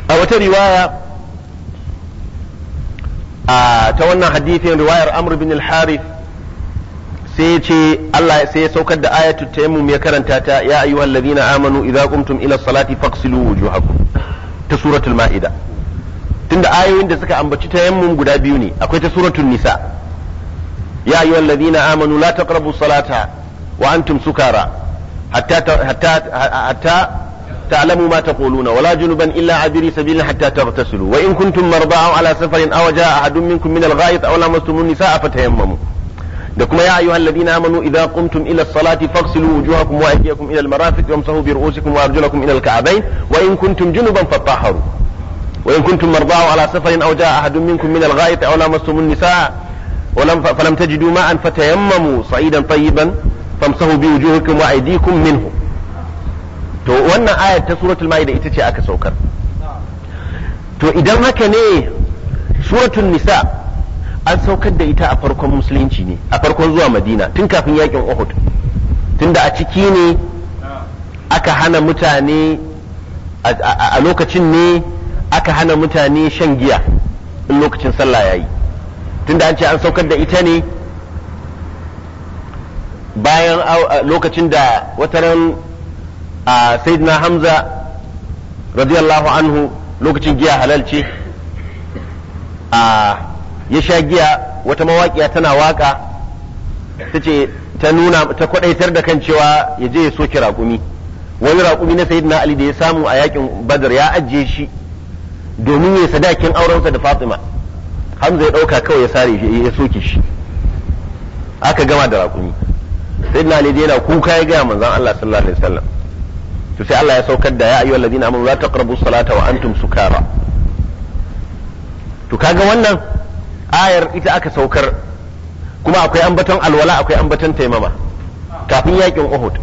a wata riwaya ta wannan hadithin riwayar amr bin al-harith sai ce Allah sai ya saukar da ayatul tayammum ya karanta ta ya ayyuhal ladina amanu idza qumtum ila salati faghsilu wujuhakum ta suratul ma'ida tunda ayoyin da suka ambaci tayammum guda biyu ne akwai ta suratul nisa ya ayyuhal ladina amanu la taqrabu salata wa antum sukara hatta hatta hatta تعلموا ما تقولون ولا جنبا إلا عبري سبيل حتى تغتسلوا وإن كنتم مرضى أو على سفر أو جاء أحد منكم من الغائط أو لمستم النساء فتيمموا دكما يا أيها الذين آمنوا إذا قمتم إلى الصلاة فاغسلوا وجوهكم وأيديكم إلى المرافق وامسحوا برؤوسكم وأرجلكم إلى الكعبين وإن كنتم جنبا فطهروا وإن كنتم مرضى أو على سفر أو جاء أحد منكم من الغائط أو لمستم النساء ولم فلم تجدوا ماء فتيمموا صعيدا طيبا فامسحوا بوجوهكم وأيديكم منه to wannan ayar ta suratul ma'ida ita ce aka saukar to idan haka ne suratul nisa an saukar da ita a farkon musulunci ne a farkon zuwa madina tun kafin yakin uhud tunda a ciki ne aka hana mutane a lokacin ne aka hana mutane shan giya in lokacin sallah yayi tunda an ce an saukar da ita ne bayan lokacin da wataran a sayyidina hamza radiyallahu anhu lokacin giya halal ce a ya sha giya wata mawaƙiya tana waƙa ta ce ta nuna ta kwadaitar da kan cewa ya je ya soke raƙumi wani raƙumi na sayyidina ali da ya samu a yakin badar ya ajiye shi domin ya sadakin aurensa da fatima hamza ya ɗauka kawai ya sare shi ya soke shi aka gama da raƙumi sayyidina ali yana kuka ya gaya manzon Allah sallallahu alaihi wasallam to sai Allah ya saukar da ya ayyuhal ladina amanu la taqrabu salata wa antum sukara to kaga wannan ayar ita aka saukar kuma akwai ambaton alwala akwai ambaton taimama kafin yakin Uhud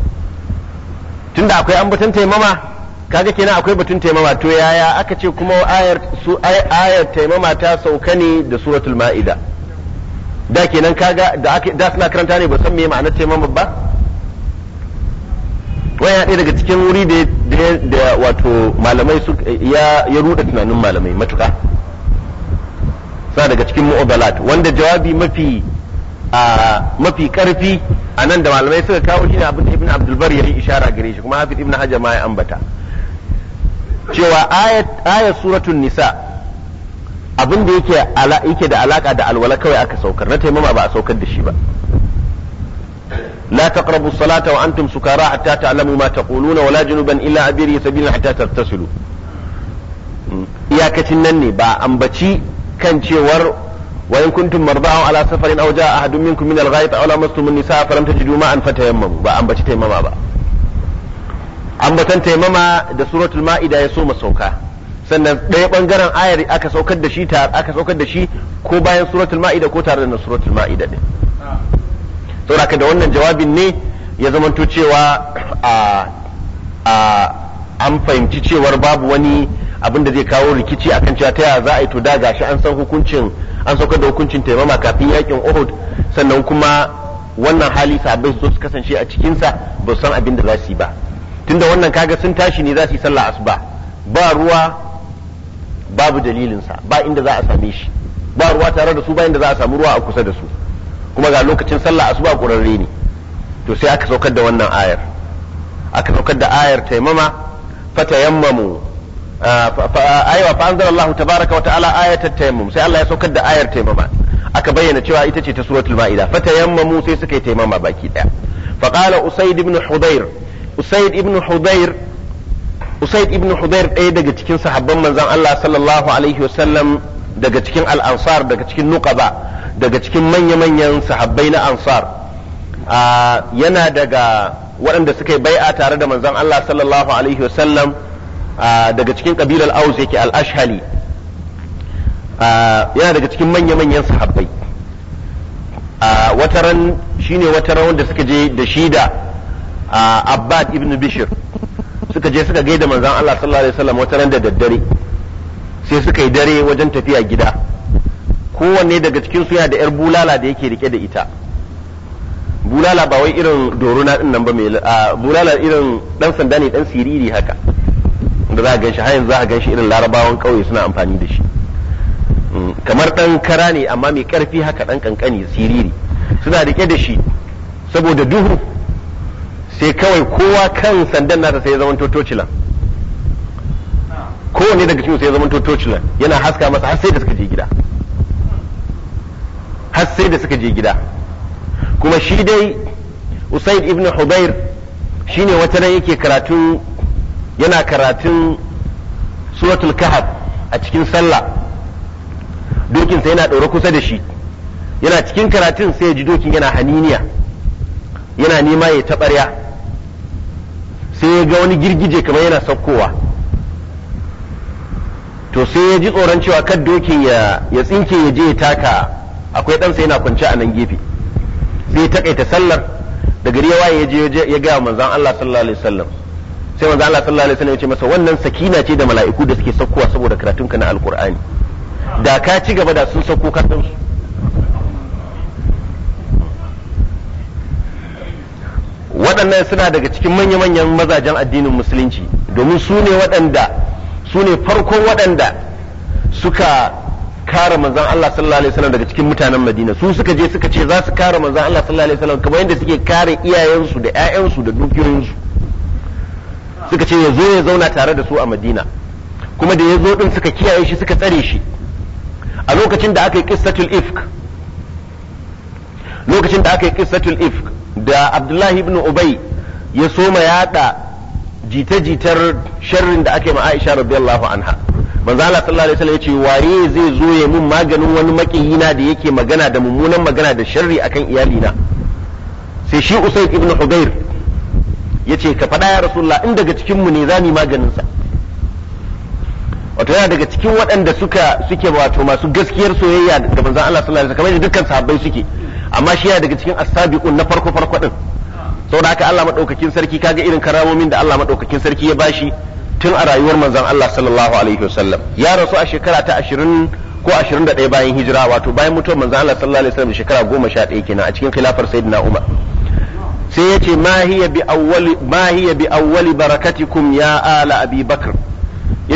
tunda akwai ambaton taimama kaga kenan akwai batun taimama to yaya aka ce kuma ayar su ayar taimama ta sauka ne da suratul ma'ida da kenan kaga da suna karanta ne ba san me ma'anar taimama ba waya ɗaya daga cikin wuri da wato malamai su ya rude tunanin malamai matuka. sa daga cikin mu'adalat wanda jawabi mafi a mafi karfi a nan da malamai suka kawo shi ne abin da ibn abdulbar ya yi ishara gare shi kuma hafiz ibn hajar ma ya ambata cewa ayat suratun nisa abin da yake da alaka da alwala kawai aka saukar na taimama ba a saukar da shi ba لا تقربوا الصلاة وأنتم سكارى حتى تعلموا ما تقولون ولا جنوبا إلا أبيري سبيلا حتى تغتسلوا iyakacin nan ne ba ambaci kan cewar wa in kuntum marda aw ala safarin aw jaa ahadun minkum min al-ghayt aw lamastum an-nisaa falam tajidu ma'an fatayammamu ba ambaci taimama ba ambatan taimama da suratul ma'ida ya soma sauka sannan ɗaya bangaren ayar aka saukar da shi ko bayan ko tare da saboda da wannan jawabin ne ya zamanto cewa a an fahimci cewar babu wani abin da zai kawo rikici akan cewa ta yaya za a yi to da gashi an san hukuncin an saukar da hukuncin taimama kafin yakin Uhud sannan kuma wannan hali sabbin su su kasance a cikinsa ba san abin da za su yi ba tunda wannan kaga sun tashi ne za su yi sallah asuba ba ruwa babu dalilinsa ba inda za a same shi ba ruwa tare da su ba inda za a samu ruwa a kusa da su kuma ga lokacin sallah asuba ƙurarre ne to sai aka saukar da wannan ayar aka saukar da ayar taimama fatayammamu aiwa fa anzala Allah tabaraka wa ta'ala ayatat tayammum sai Allah ya saukar da ayar taimama aka bayyana cewa ita ce ta suratul ma'ida fatayammamu sai suka yi taimama baki daya faqala usayd ibn hudayr usayd ibn hudayr usayd ibn hudayr ɗaya daga cikin sahabban manzon Allah sallallahu alaihi wasallam daga cikin al-ansar daga cikin nuqaba daga cikin manya-manyan sahabbai na ansar yana daga waɗanda suka yi bai'a tare da manzon Allah sallallahu alaihi wasallam daga cikin ƙabilar aus yake al yana daga cikin manya-manyan sahabbai wataran ne wataran wanda suka je da shida abbad ibn bishir suka je suka gaida manzon Allah sallallahu alaihi wasallam wataran da daddare sai suka yi dare wajen tafiya gida kowanne daga cikin su yana da yar bulala da yake rike da ita bulala ba wai irin doruna din nan ba mai bulala irin dan sanda ne dan siriri haka da za a ganshi har yanzu za a ganshi irin larabawan kauye suna amfani da shi mm, kamar dan kara ne amma mai karfi haka dan kankani siriri suna rike da shi saboda duhu sai kawai kowa kan sandan nasa sai ya zama totocilan kowanne daga cikin sai ya zama totocilan yana haska masa har sai da suka je gida har sai da suka je gida kuma shi dai usaid ibn hubair shine wata ran yake karatun yana karatun suratul kahf a cikin sallah dokinsa yana ɗaure kusa da shi yana cikin karatun sai ya ji dokin yana haniniya yana nema ya taɓarya sai ya ga wani girgije kamar yana saukowa to sai ya ji tsoron cewa kad dokin ya tsinke ya je ya taka akwai sai yana kwance a nan gefe sai ya takaita sallar da gari ya waye ya je ya ga manzon Allah sallallahu alaihi wasallam sai manzon Allah sallallahu alaihi wasallam ya ce masa wannan sakina ce da mala'iku da suke saukowa saboda karatunka na alqur'ani da ka ci gaba da sun sauko ka su waɗannan suna daga cikin manya-manyan mazajen addinin musulunci domin su ne waɗanda su ne farkon waɗanda suka kare manzon Allah sallallahu alaihi wasallam daga cikin mutanen Madina su suka je suka ce za su kare manzon Allah sallallahu alaihi wasallam kamar yadda suke kare iyayensu da ƴaƴansu da dukiyoyinsu suka ce ya zo ya zauna tare da su a Madina kuma da ya zo din suka kiyaye shi suka tsare shi a lokacin da aka yi qissatul ifk lokacin da aka yi qissatul ifk da Abdullahi ibn Ubay ya soma yaɗa jita-jitar sharrin da ake ma Aisha radiyallahu anha manzo Allah sallallahu alaihi wasallam yace ware zai zo ya mun maganin wani makiyina da yake magana da mummunan magana da sharri akan iyalina sai shi Usayd ibn Hudayr yace ka faɗa ya Rasulullah in daga cikin mu ne zani maganin sa wato yana daga cikin waɗanda suka suke wato masu gaskiyar soyayya da manzo Allah sallallahu alaihi wasallam kamar dukkan sahabbai suke amma shi yana daga cikin as-sabiqun na farko farko din saboda haka Allah madaukakin sarki kaga irin karamomin da Allah madaukakin sarki ya bashi tun a rayuwar manzon Allah sallallahu alaihi wasallam ya rasu a shekara ta 20 ko 21 bayan hijira wato bayan mutuwar manzon Allah sallallahu alaihi wasallam shekara 11 kenan a cikin khilafar sayyidina Umar sai ya ce ma hiya bi awwali ma hiya bi awwali barakatikum ya ala abi bakr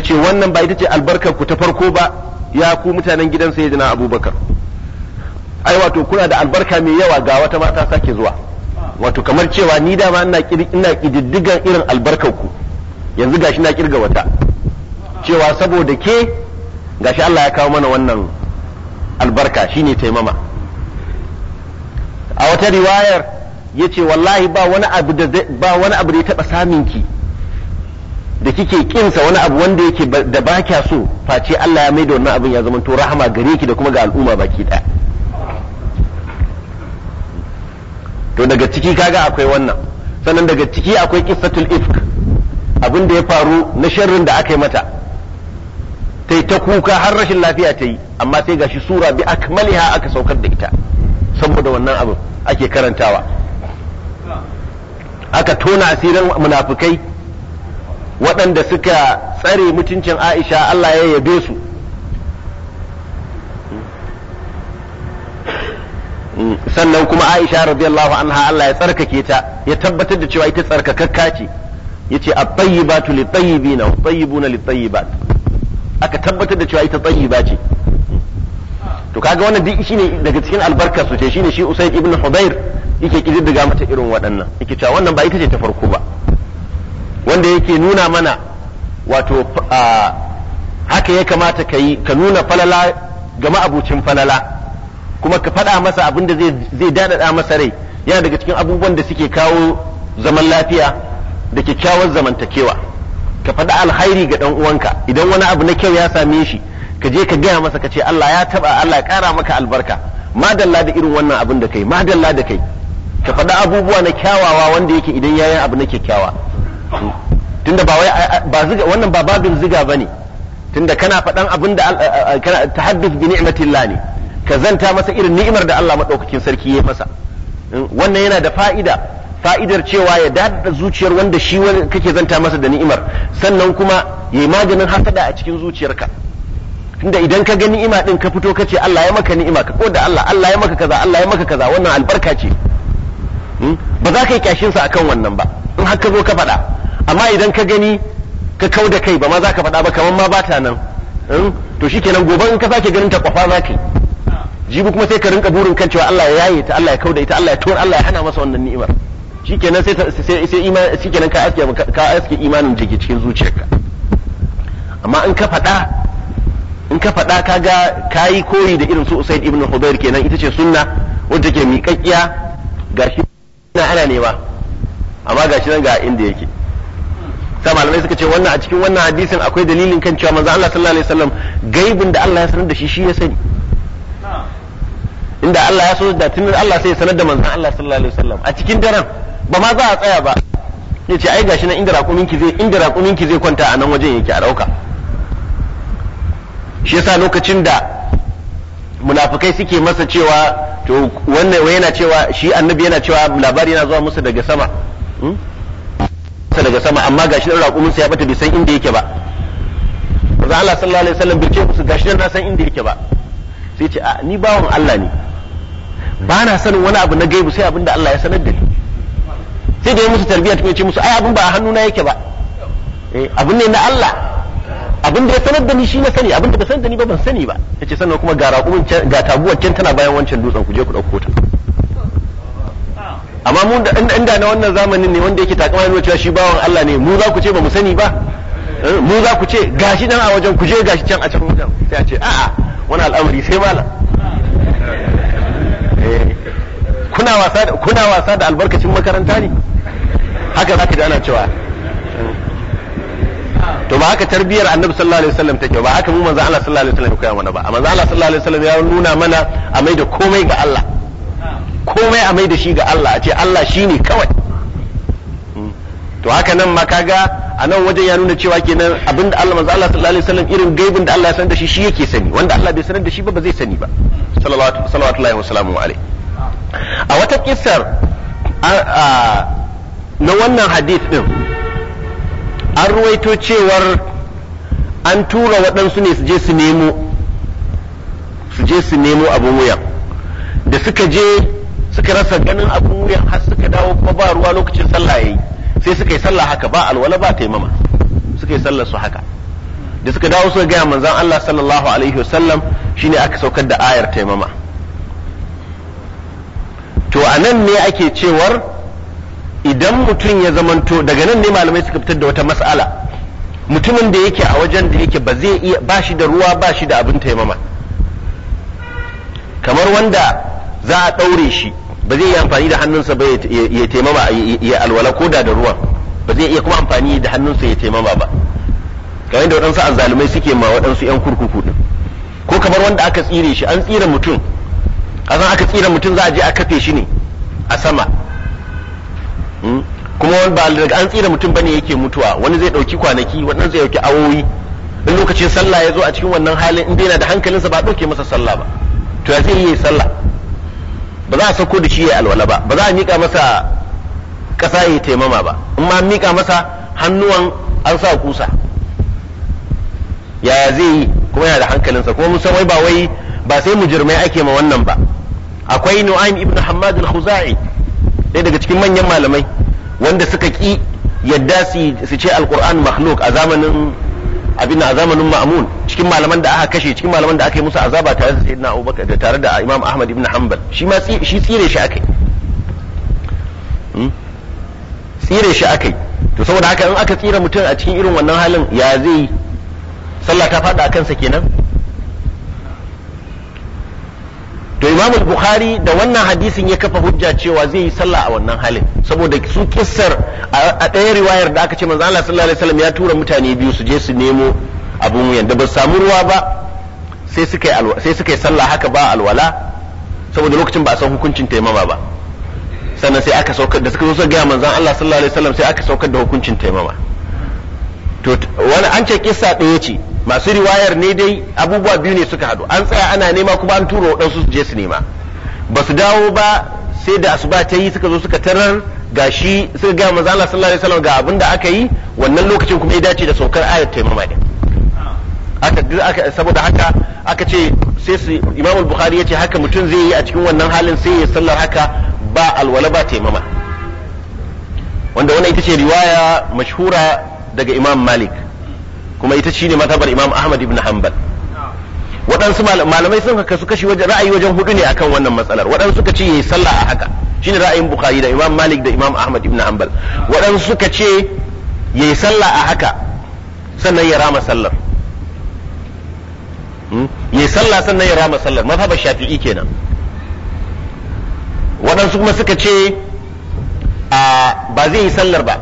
ce wannan ba ita ce albarkar ku ta farko ba ya ku mutanen gidan sayyidina abubakar ai wato kuna da albarka mai yawa ga wata mata sake zuwa wato kamar cewa ni dama ina ina kididdigan irin albarkar ku yanzu gashi na kirga wata cewa saboda ke gashi Allah ya kawo mana wannan albarka shine taimama a wata riwayar ya ce wallahi ba wani abu da ba wani abu da ya taba samin ki da kike kinsa wani abu wanda yake da ba kya so face Allah ya mai da wannan abin ya zama to rahama gare ki da kuma ga al'umma baki daya to daga ciki kaga akwai wannan sannan daga ciki akwai qissatul ifk abin da ya faru na sharrin da aka yi mata ta ta kuka har rashin lafiya ta yi amma sai gashi sura bi akmaliha aka saukar da ita saboda wannan abin ake karantawa aka tona asirin munafukai waɗanda suka tsare mutuncin aisha Allah ya yabe su sannan kuma aisha radiyallahu anha Allah ya tsarkake ta ya tabbatar da cewa ita tsarkakakka ce yace at-tayyibatu lit-tayyibina wa tayyibuna lit-tayyibat aka tabbatar da cewa ita tayyiba ce to kaga wannan duk shine daga cikin albarkar su ce shine shi Usayd ibn Hudayr yake kididdiga mata irin waɗannan yake cewa wannan ba ita ce ta farko ba wanda yake nuna mana wato haka ya kamata ka yi ka nuna falala ga ma'abucin falala kuma ka faɗa masa abin da zai daɗaɗa masa rai yana daga cikin abubuwan da suke kawo zaman lafiya da kyakkyawar zamantakewa ka faɗi alkhairi ga ɗan uwanka idan wani abu na kyau ya same shi ka je ka gaya masa ka ce Allah ya taba Allah ya ƙara maka albarka madalla da irin wannan abin da kai madalla da kai ka faɗi abubuwa na kyawawa wanda yake idan yayin abu na kyakkyawa tunda ba wai ba ziga wannan ba babin ziga bane tunda kana faɗan abin da tahaddus bi ni'matillah ne ka zanta masa irin ni'imar da Allah madaukakin sarki ya masa wannan yana da fa'ida fa'idar cewa ya dada zuciyar wanda shi kake zanta masa da ni'imar sannan kuma ya yi maganin hasada a cikin zuciyarka tunda idan ka ga ni'ima din ka fito ka ce Allah ya maka ni'ima ka koda Allah Allah ya maka kaza Allah ya maka kaza wannan albarka ce hmm? ba za ka yi kyashin sa akan wannan ba in har ka zo ka faɗa amma idan ka gani ka kau da kai ba ma za ka faɗa ba kamar ma bata nan hmm? to shikenan gobe in ka sake ganin ta kwafa za ka yi jibi kuma sai ka rinka burin kan cewa Allah ya yaye ta Allah ya kauda ita Allah ya tona Allah ya hana masa wannan ni'imar shikenan sai sai sai iman shikenan ka aske ka aske imanin da ke cikin zuciyarka amma in ka faɗa in ka faɗa kaga kayi koyi da irin su Usaid ibn Hudayr kenan ita ce sunna wadda ke miƙaƙƙiya gashi ina ana nema amma gashi nan ga inda yake sai malamai suka ce wannan a cikin wannan hadisin akwai dalilin kan cewa manzo Allah sallallahu alaihi wasallam gaibin da Allah ya sanar da shi shi ya sani inda Allah ya so da tunan Allah sai ya sanar da manzo Allah sallallahu alaihi wasallam a cikin daren ba ma za a tsaya ba ya ce ai gashi na inda raƙuminki zai inda raƙuminki zai kwanta a nan wajen yake a ɗauka shi yasa lokacin da munafikai suke masa cewa to wannan yana cewa shi annabi yana cewa labari yana zuwa musu daga sama hmm? daga sama amma gashi nan raƙuminsa ya bata bai san inda yake ba manzo Allah sallallahu alaihi wasallam bai ce musu gashi na san inda yake ba sai ce a ni bawon Allah ne ba na sanin wani abu na gaibu sai abin da Allah ya sanar da ni sai da ya musu tarbiyya tukun ce musu ai abin ba a hannuna yake ba eh, abin ne na Allah abin da ya sanar da ni shi na sani abin da ka sanar da ni ba ban sani ba yace sannan kuma ga raƙumin ga taguwar can tana bayan wancan dutsen ku je ku ɗauko ta amma mu inda na wannan zamanin ne wanda yake takama ne cewa shi bawan Allah ne mu za ku ce ba mu sani ba eh, mu za ku ce gashi dan a wajen ku je gashi can a can wajen sai a ce a'a wani al'amari sai malam eh, kuna wasa da albarkacin makaranta ne haka za ka ji ana cewa to ba haka tarbiyar annabi sallallahu alaihi wasallam take ba haka mu manzo Allah sallallahu alaihi wasallam ya koya mana ba amma Allah sallallahu alaihi wasallam ya nuna mana a mai da komai ga Allah komai a mai da shi ga Allah a ce Allah shine kawai hmm. to haka nan ma kaga a nan wajen ya nuna cewa kenan abinda Allah manzo Allah sallallahu alaihi wasallam irin gaibin da Allah ya san da shi shi yake sani wanda Allah bai sanar da shi ba ba zai sani ba sallallahu alaihi wasallam a wata kissar na wannan hadith ɗin an ruwaito cewar an tura waɗansu ne su je su nemo su je su nemo abin wuyan da suka je suka rasa ganin abin wuyan har suka dawo kuma ba ruwa lokacin sallah yayi sai suka yi sallah haka ba alwala ba taimama suka yi sallah su haka da suka dawo suka gaya manzon Allah sallallahu alaihi wasallam shine aka saukar da ayar taimama to anan ne ake cewar idan mutum ya zamanto daga nan ne malamai suka fitar da wata mas'ala mutumin da yake a wajen da yake ba zai iya ba shi da ruwa ba shi da abin taimama kamar wanda za a ɗaure shi ba zai iya amfani da hannunsa ba ya taimama ya alwala ko da da ruwan ba zai iya kuma amfani da hannunsa ya taimama ba kamar da waɗansu azzalumai suke ma waɗansu 'yan kurkuku ɗin ko kamar wanda aka tsire shi an tsira mutum a aka tsira mutum za a je a kafe shi ne a sama kuma wani ba daga an tsira mutum bane yake mutuwa wani zai dauki kwanaki wannan zai dauki awoyi in lokacin sallah ya zo a cikin wannan halin in yana da hankalinsa ba dauke masa sallah ba to ya zai yi sallah ba za a sako da shi ya alwala ba ba za a mika masa kasa ya taimama ba in ma mika masa hannuwan an sa kusa ya zai yi kuma yana da hankalinsa kuma mun san wai ba wai ba sai mujirmai ake ma wannan ba akwai nu'aym ibn hammad al-khuzai ɗaya daga cikin manyan malamai wanda suka ƙi yadda su ce Alƙur'an makhluk a zamanin abin a zamanin ma'amun cikin malaman da aka kashe cikin malaman da aka yi musu azaba tare da sayyidina abubakar da tare da imam ahmad ibn hanbal shi ma shi tsire shi akai hmm? tsire shi akai to saboda haka in aka tsira mutum a cikin irin wannan halin ya zai sallah ta faɗa kansa kenan to imamu bukhari da wannan hadisin ya kafa hujja cewa zai yi sallah a wannan halin saboda su kissar a ɗaya riwayar da aka ce manzo Allah sallallahu alaihi wasallam ya tura mutane biyu su je su nemo abun wuyan da ba samu ruwa ba sai suka yi sai suka yi sallah haka ba alwala saboda lokacin ba a san hukuncin taimama ba sannan sai aka saukar da suka zo su ga manzo Allah sallallahu alaihi wasallam sai aka saukar da hukuncin taimama to wani an ce kissa ɗaya ce masu riwayar ne dai abubuwa biyu ne suka hadu an tsaya ana nema kuma an turo waɗansu su je su nema ba su dawo ba sai da asuba ta yi suka zo suka tarar gashi suka ga manzo Allah sallallahu alaihi wasallam ga abin da aka yi wannan lokacin kuma ya dace da saukar ayat taimama din aka aka saboda haka aka ce sai su Imam al-Bukhari yace haka mutum zai yi a cikin wannan halin sai ya sallar haka ba alwala ba taimama wanda wannan ita ce riwaya mashhura daga Imam Malik kuma ita shine matabar imam ahmad ibn hanbal waɗansu malamai sun haka su kashi wajen ra'ayi wajen hudu ne akan wannan matsalar waɗansu suka ce yayi sallah a haka shine ra'ayin bukhari da imam malik da imam ahmad ibn hanbal waɗansu suka ce yayi sallah a haka sannan ya rama sallar hmm? yayi sallah sannan ya rama sallar mazhabar shafi'i kenan waɗansu kuma suka ce ba zai yi sallar ba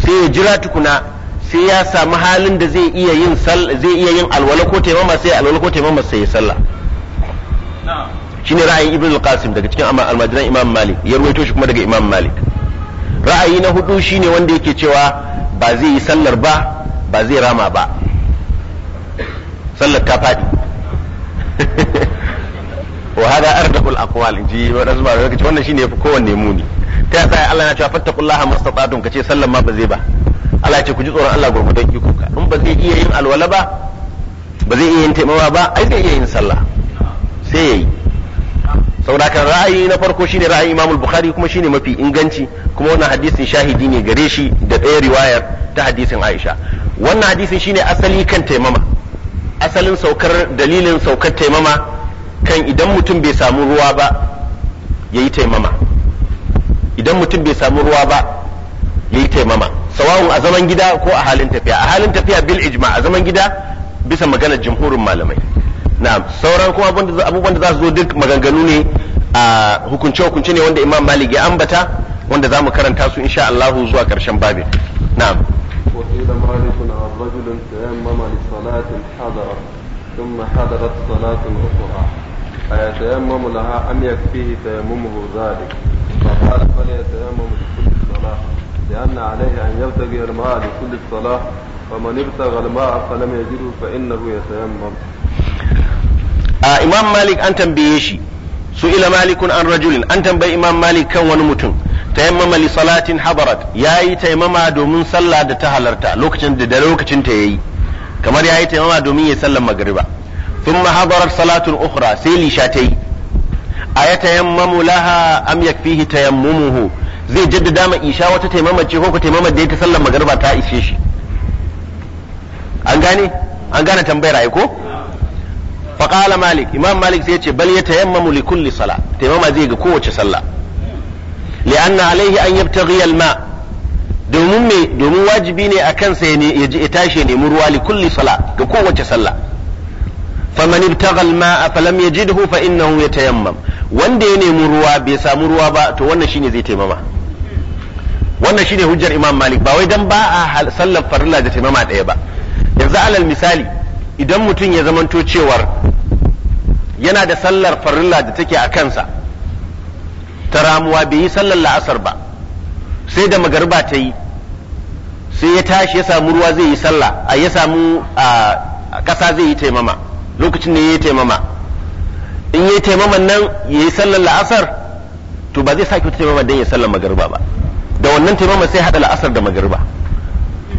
sai ya jira tukuna sai ya samu halin da zai iya yin zai iya yin alwala ko taimama sai alwala ko taimama sai ya sallah shine ra'ayin ibnu al-qasim daga cikin almajiran imam malik ya ruwaito shi kuma daga imam malik ra'ayi na hudu shine wanda yake cewa ba zai yi sallar ba ba zai rama ba sallar ta fadi wa hada ardahul aqwal inji wadansu ba daga cikin wannan shine yafi kowanne muni ta sai Allah ya ce fattaqullaha mastata'tum kace sallar ma ba zai ba Allah ce ku ji tsoron Allah gurgudan iko ka in ba zai iya yin alwala ba ba zai iya yin taimawa ba ai zai iya yin sallah sai yayi saboda kan ra'ayi na farko shine ra'ayi Imam Bukhari kuma shine mafi inganci kuma wannan hadisin shahidi ne gare shi da ɗaya riwayar ta hadisin Aisha wannan hadisin shine asali kan taimama asalin saukar dalilin saukar taimama kan idan mutum bai samu ruwa ba yayi taimama idan mutum bai samu ruwa ba yayi taimama sawa'un a zaman gida ko a halin tafiya a halin tafiya bil ijma a zaman gida bisa maganar jamhurin malamai na'am sauran kuma abubuwan da za su zo duk maganganu ne a hukunce hukunce ne wanda imam malik ya ambata wanda za mu karanta su insha Allah zuwa karshen babin na'am وقيل مالك عن رجل تيمم لصلاة حضرت ثم حضرت صلاة أخرى أيتيمم لها أم يكفيه تيممه ذلك فقال فليتيمم لكل صلاة لأن عليه أن يبتغي الماء لكل الصلاة ومن ابتغى الماء فلم يجده فإنه يتيمم آه إمام مالك أن تنبيشي سئل مالك عن رجل أن تنبي إمام مالك كان ونمتن tayammama li salatin hadarat yayi taimama domin sallah da ta halarta lokacin da lokacin ta yayi kamar yayi taimama domin ya sallar magriba thumma hadarat salatun ukhra sai lisha ta yi ayata yammamu am zai jaddada ma isha wata taimama ce ko ku taimama da ya ta sallar magarba ta ishe shi an gane an gane tambayar ai ko faqala malik imam malik sai ya ce bal yatayammamu li kulli sala taimama zai ga kowace sallah anna alaihi an yabtaghi al-ma domin me domin wajibi ne a kansa ya ji ya tashi nemi ruwa li kulli sala ga kowace sallah faman ibtagha al-ma falam yajidhu fa innahu yatayammam wanda ya nemi ruwa bai samu ruwa ba to wannan shine zai taimama wannan shine hujjar imam malik ba wai dan ba a sallar farilla da taimama ɗaya ba yanzu alal misali idan mutum ya zamanto cewar yana da sallar farilla da take a kansa ta ramuwa bai yi sallar la'asar ba sai da magarba ta yi sai ya tashi ya samu ruwa zai yi sallah a ya samu a ƙasa zai yi taimama lokacin da ya yi taimama in ya yi taimaman nan ya yi sallar la'asar to ba zai sake wata taimama don ya sallar magarba ba da wannan taimama sai hada la'asar da magariba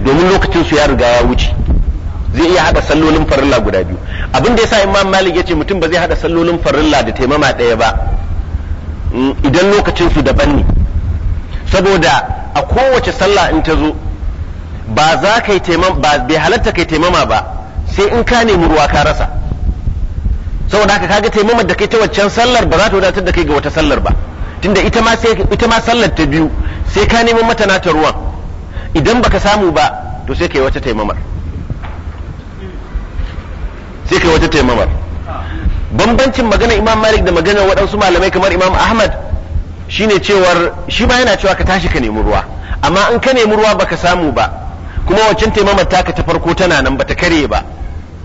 domin lokacin ya riga ya wuce zai iya hada sallolin farilla guda biyu abin da ya sa imam malik ce mutum ba zai hada sallolin farilla da taimama daya ba mm, idan lokacin su daban ne saboda a kowace sallah in ta zo ba za ka yi taimama ba bai halatta kai taimama ba sai in ka nemi ruwa ka rasa saboda haka kaga taimama da kai ta waccan sallar ba za ta wadatar da kai ga wata sallar ba tunda ita ma sai ita ma sallar ta biyu sai ka neman mata nata ruwan idan baka samu ba to sai kai wata taimamar sai kai wata taimamar bambancin magana imam malik da magana waɗansu malamai kamar imam ahmad shine cewar shi ba yana cewa ka tashi ka nemi ruwa amma in ka nemi ruwa baka samu ba kuma waccan taimamar taka ta farko tana nan bata kare ba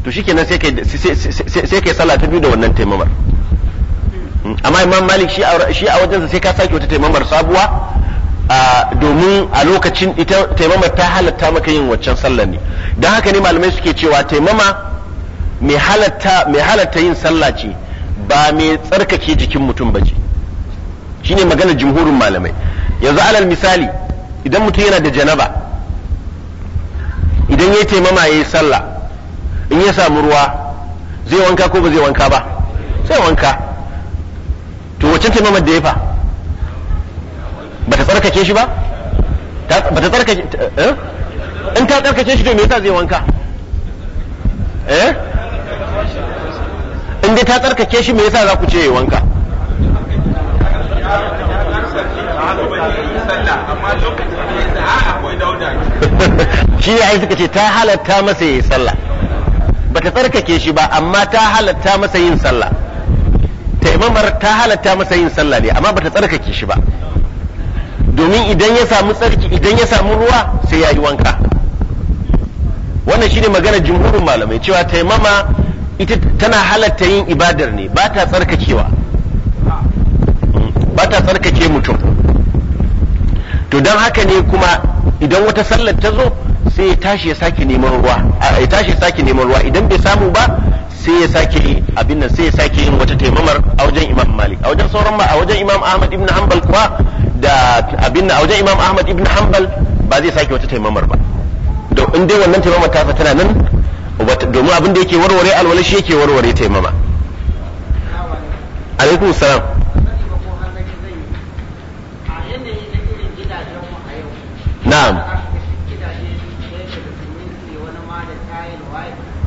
to shikenan sai kai sai kai sallah ta biyu da wannan taimamar amma imam malik shi a wajensa sai ka sake wata taimamar sabuwa domin a lokacin ita taimamar ta halatta maka yin waccan sallar ne don haka ne malamai suke cewa taimama mai halatta yin sallah ce ba mai tsarkake jikin mutum ba ce shine maganar jumhurin malamai yanzu alal misali idan mutum yana da janaba idan ya taimama ya yi sallah in ya samu ruwa zai wanka ko ba zai wanka ba sai wanka wancan taimamar da ya fa ba ta tsarkake shi ba ba ta tsarkake eh in ta tsarkake shi to me yasa zai wanka eh in dai ta tsarkake shi me yasa za ku ce wanka shi ya yi suka ce ta halatta masa yin sallah ba ta tsarkake shi ba amma ta halatta masa yin sallah taimamar ta halatta masa yin sallah ne amma bata tsarkake shi ba domin idan ya samu tsarki idan ya samu ruwa sai ya yi wanka wannan shine maganar jumhurin malamai cewa taimama ita tana halatta yin ibadar ne ba ta tsarkakewa ba ta tsarkake mutum to don haka ne kuma idan wata sallar ta zo sai ya tashi ya tashi ya sake neman ruwa idan bai samu ba sai ya sake abin nan sai ya sake yin wata taimamar a wajen imam malik a wajen sauran ma a wajen imam ahmad ibn hanbal kuwa da abin nan a wajen imam ahmad ibn hanbal ba zai sake wata taimamar ba da in dai wannan taimamar ta tana nan domin abin da yake warware alwala shi yake warware taimama alaikum salam na'am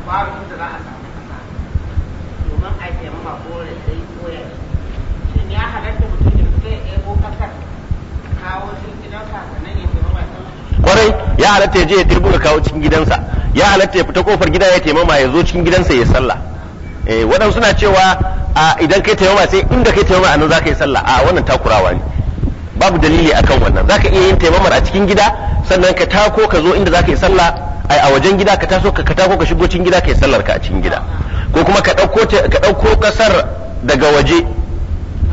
babu da ya halatta ya je ya ɗebo ka kawo cikin gidansa ya halatta ya fita kofar gida ya taimama ya zo cikin gidansa ya sallah eh wadan suna cewa a idan kai taimama sai inda kai taimama anan zaka yi sallah a wannan takurawa ne babu dalili akan wannan zaka iya yin taimamar a cikin gida sannan ka tako ka zo inda zaka yi sallah ai a wajen gida ka taso ka tako ka shigo cikin gida ka yi sallar ka a cikin gida ko kuma ka ɗauko ka dauko kasar daga waje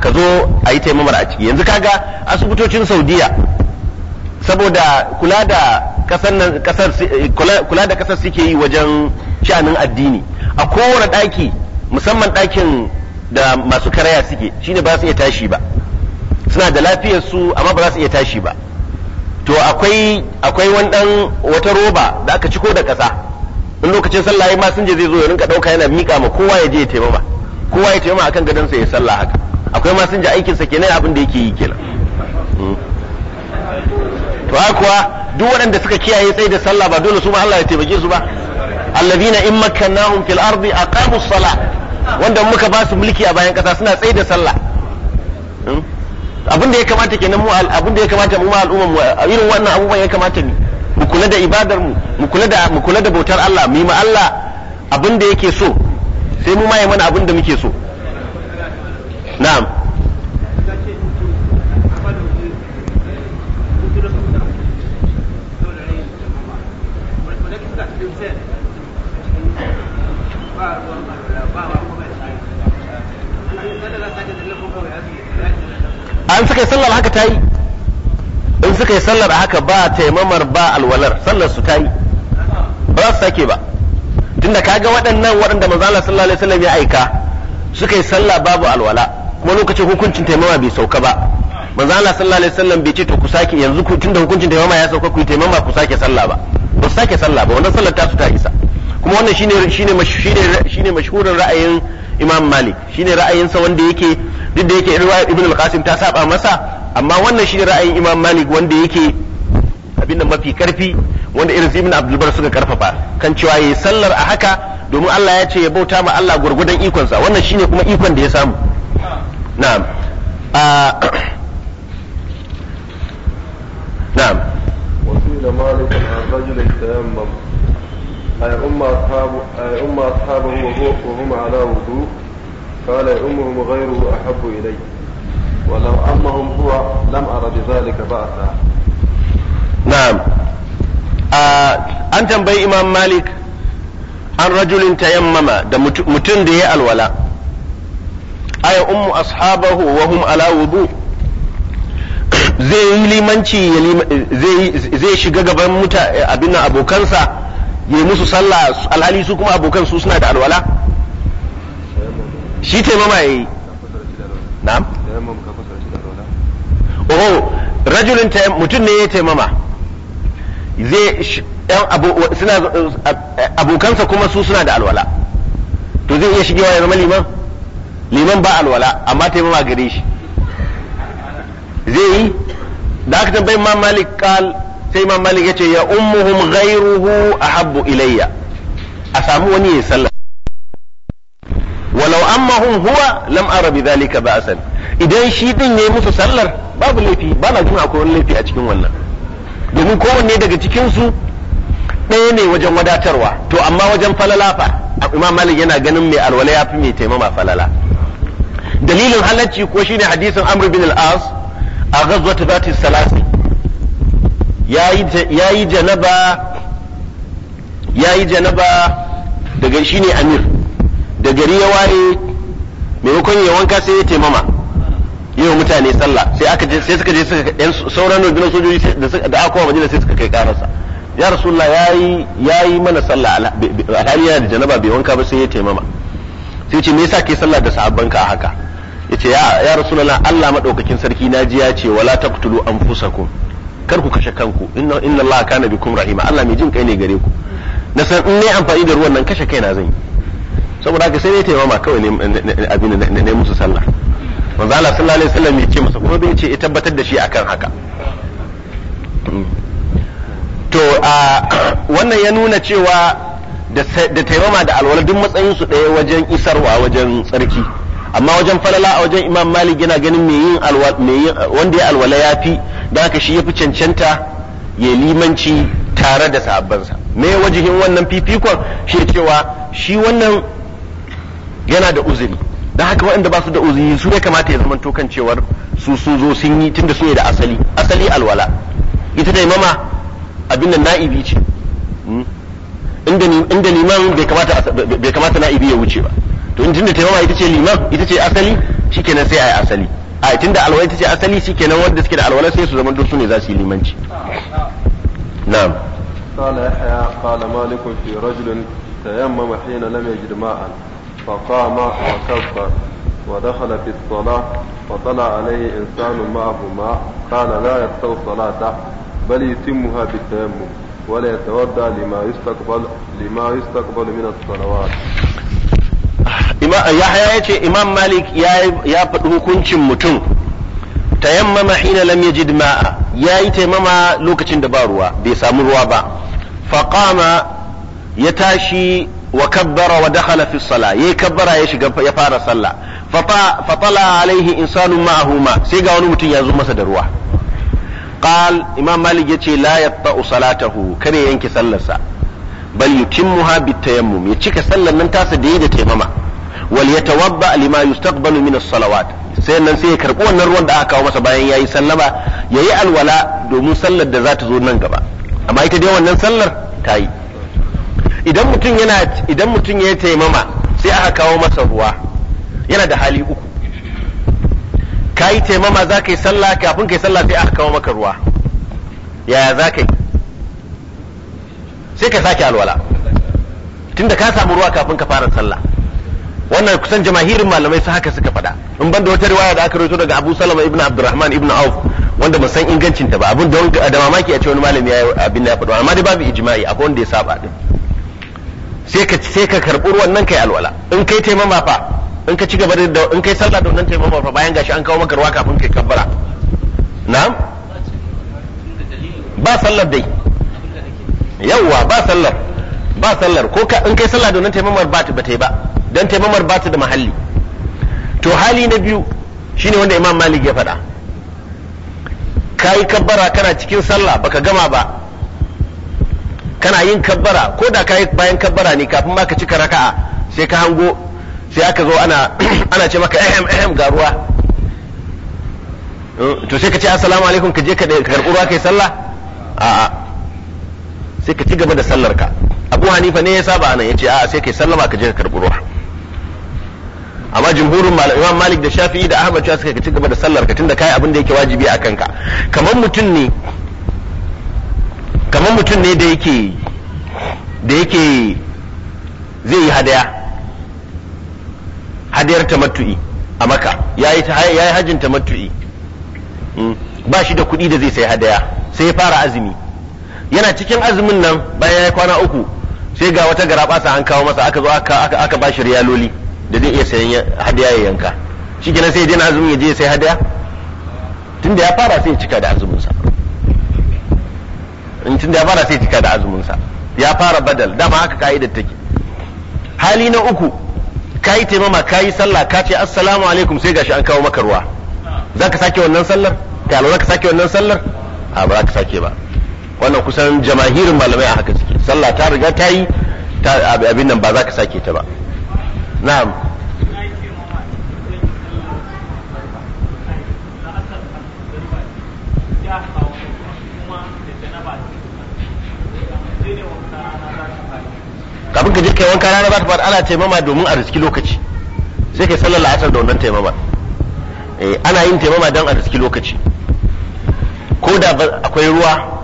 ka zo a yi taimamar a ciki yanzu kaga asibitocin saudiya saboda kula da kasar kasar eh, kula da kasar suke yi wajen sha'anin addini a kowane daki musamman dakin da masu karaya suke shine ba su iya tashi ba suna da lafiyar su amma ba za su iya tashi ba to akwai akwai wani dan wata roba da aka ciko da kasa in lokacin sallah ya sun je zai zo ya rinka ɗauka yana miƙa ma kowa ya je ya taimama kowa ya taimama akan sa ya sallah haka akwai masinja sun je aikinsa kenan abin da yake yi kenan hmm. to ai kuwa duk waɗanda suka kiyaye tsaye da sallah ba dole su ma Allah ya taimake su ba allazina in makkannahum fil ardi aqamu salah wanda muka ba su mulki a bayan kasa suna tsaye da sallah hmm? abin da ya kamata kenan mu abin ya kamata mu ma al'umma mu irin wannan abubuwan ya kamata mu mu kula da ibadar mu mu kula da mu kula da bautar Allah mu yi ma Allah abin da yake so sai mu ma yi mana abin da muke so na'am an suka yi sallar haka ta yi in suka yi sallar haka ba taimamar ba alwalar sallar su ta yi ba za su sake ba tunda kaga waɗannan waɗanda manzo Allah sallallahu alaihi wasallam ya aika suka yi sallah babu alwala kuma lokacin hukuncin taimama bai sauka ba manzo Allah sallallahu alaihi wasallam bai ce to ku sake yanzu tunda hukuncin taimama ya sauka ku yi taimama ku sake sallah ba ba su sake sallah ba wannan sallar ta su ta isa kuma wannan shine shine shine mashhurin ra'ayin Imam Malik shine ra'ayinsa wanda yake duk da yake riwayar Ibn al-Qasim ta saba masa amma wannan shine ra'ayin Imam Malik wanda yake abin da mafi karfi wanda irin Ibn Abdul Bar suka karfafa kan cewa yayi sallar a haka domin Allah ya ce ya bauta ma Allah gurgudan ikonsa wannan shine kuma ikon da ya samu na'am ah, na'am وقيل da عن رجل تيمم أي أم أصحابه أي أم أصحابه وهم على وضوء قال يؤمهم غيره أحب إلي ولو أمهم هو لم أر بذلك بأسا نعم an tambayi imam malik an rajulin tayammama da mutum da ya alwala aya ummu ashabahu wa zai yi limanci zai shiga gaban abin abokansa yi musu sallah alhali su kuma abokan su suna da alwala shi taimama yi na'am oho rajulin mutum ne ya taimama zai yan abokansa kuma su suna da alwala to zai iya shigewa ya zama liman liman ba alwala amma taimama gare shi zai yi da aka tambayi ma malik kal sai imam malik yace ya ummuhum ghayruhu ahabbu ilayya a samu wani ya sallah walau ammahum huwa lam ara bidhalika ba'san idan shi din yayi musu sallar babu laifi ba na jin akwai laifi a cikin wannan domin kowanne daga cikin su ɗaya ne wajen wadatarwa to amma wajen falala fa imam malik yana ganin mai alwala ya fi mai taimama falala dalilin halacci ko shine hadisin amr bin al-as a ghazwat zati salasi ya yi janaba ya yi janaba daga shi ne amir da gari ya waye maimakon ya wanka sai ya taimama yi wa mutane sallah sai aka je sai suka je suka yan sauran rundunar sojoji da aka kowa majalis sai suka kai karasa ya rasulullah ya yi mana sallah alhali yana da janaba bai wanka ba sai ya taimama sai ce me yasa ke sallah da sahabbanka a haka ya ya ya rasulullah Allah maɗaukakin sarki ji ya ce wala taqtulu anfusakum kar ku kashe kanku inna inna Allah kana bikum rahima Allah mai jin kai ne gare ku na san in ne amfani da ruwan nan kashe kaina zan yi saboda haka sai ne taimama kawai ne abin da ne musu sallah manzo Allah sallallahu alaihi wasallam ya ce masa kuma bai ce ya tabbatar da shi akan haka to wannan ya nuna cewa da taimama da alwala duk matsayin su daya wajen isarwa wajen tsarki amma wajen falala a wajen imam malik yana ganin me yin wanda ya alwala ya fi da haka shi ya fi cancanta ya limanci tare da sahabbansa me wajihin wannan fifikon shi cewa shi wannan yana da uzuri don haka waɗanda ba su da uzuri su ya kamata ya zama tokan cewar su sun zo sun yi tunda su ne da asali asali alwala ita da imama abin da na'ibi ce hmm? inda liman bai kamata na'ibi ya wuce ba to in tunda taimama ita ce liman ita ce asali shikenan sai a yi asali a tunda alwala ita ce asali shikenan wanda suke da alwala sai su zama duk su ne za su yi limanci na'am قال يحيى قال مالك في رجل تيمم حين لم يجد ماء فقام وكبر ودخل في الصلاة فطلع عليه إنسان معه ماء قال لا يستوي صلاته بل يتمها بالتيمم ولا يتودع لما يستقبل لما يستقبل من الصلوات yahya ya ce imam malik ya faɗi hukuncin mutum ta yamma hina lam ya ma'a ya yi taimama lokacin da ba ruwa bai samu ruwa ba faqama ya tashi wa kabbara wa dakhala fi sala yayi kabbara ya shiga ya fara sallah fatala alaihi insanu ma'ahu sai ga wani mutum ya zo masa da ruwa qal imam malik yace la yatta salatahu kare yanke sallarsa bal yutimmuha bitayammum ya cika sallan nan tasa da yi da taimama wal yatawadda lima yustaqbalu min as-salawat sai nan sai ya karbi wannan ruwan da aka kawo masa bayan yayi sallama yayi alwala domin sallar da za ta zo nan gaba amma ita dai wannan sallar ta yi idan mutum yana idan mutum ya taimama sai aka kawo masa ruwa yana da hali uku ka yi taimama za ka yi sallah kafin ka yi sallah sai aka kawo maka ruwa yaya za ka yi sai ka sake alwala tunda ka samu ruwa kafin ka fara sallah wannan kusan jamahirin malamai su haka suka faɗa in banda wata riwaya da aka rawaito daga Abu Salama ibn Abdurrahman ibn Auf wanda ba san ingancin ta ba abin da da mamaki a ce wani malami ya abin da ya fada amma dai babu ijma'i akwai wanda ya saba din sai ka sai ka karɓi ruwan nan kai alwala in kai taimama fa in ka ci gaba da in kai sallah da wannan taimama fa bayan gashi an kawo maka ruwa kafin kai kabbara na'am ba sallar dai yawwa ba sallar ba sallar ko ka in kai sallah don taimamar ba ta ba ta ba don taimamar ba ta da mahalli to hali na biyu shine wanda imam malik ya faɗa kai kabbara kana cikin sallah baka gama ba kana yin kabbara ko da kai bayan kabbara ne kafin ma ka cika raka'a sai ka hango sai aka zo ana ana ce maka ehem ehem ga ruwa to sai ka ce assalamu alaikum ka je ka karɓi ruwa kai sallah a'a sai ka ci gaba da sallar ka abu hanifa ne ya saba anan yace a sai kai sallama ka je ka karbi ruwa amma jumhurin malam imam malik da shafi'i da ahmad cewa suka ka ci gaba da sallar ka tunda kai abin da yake wajibi a kanka kamar mutum ne kamar mutum ne da yake da yake zai yi hadaya hadayar tamattu'i a maka yayi yayi hajjin tamattu'i hmm. ba shi da kuɗi da zai sai hadaya sai ya fara azumi yana cikin azumin nan bayan ya kwana uku sai ga wata garabasa an kawo masa aka zo aka aka bashi riyaloli da zai iya sayan hadiya ya yanka shi kenan sai ya je azumin ya je sai hadiya tunda ya fara sai ya cika da azumin sa in tunda ya fara sai ya cika da azumin sa ya fara badal dama haka ka'idar take hali na uku kayi taimama kai sallah ka ce assalamu alaikum sai gashi an kawo maka ruwa zaka sake wannan sallar ka lura ka sake wannan sallar a ba za ka sake ba wannan kusan jamahirin malamai a haka suke sallah ta riga ta yi abin nan ba za ka sake ta ba na'am kafin ka je kai wanka rana ba ta fara ana taimama domin a riski lokaci sai kai sallar la'asar da wannan taimama eh, ana yin taimama don a riski lokaci ko da akwai ruwa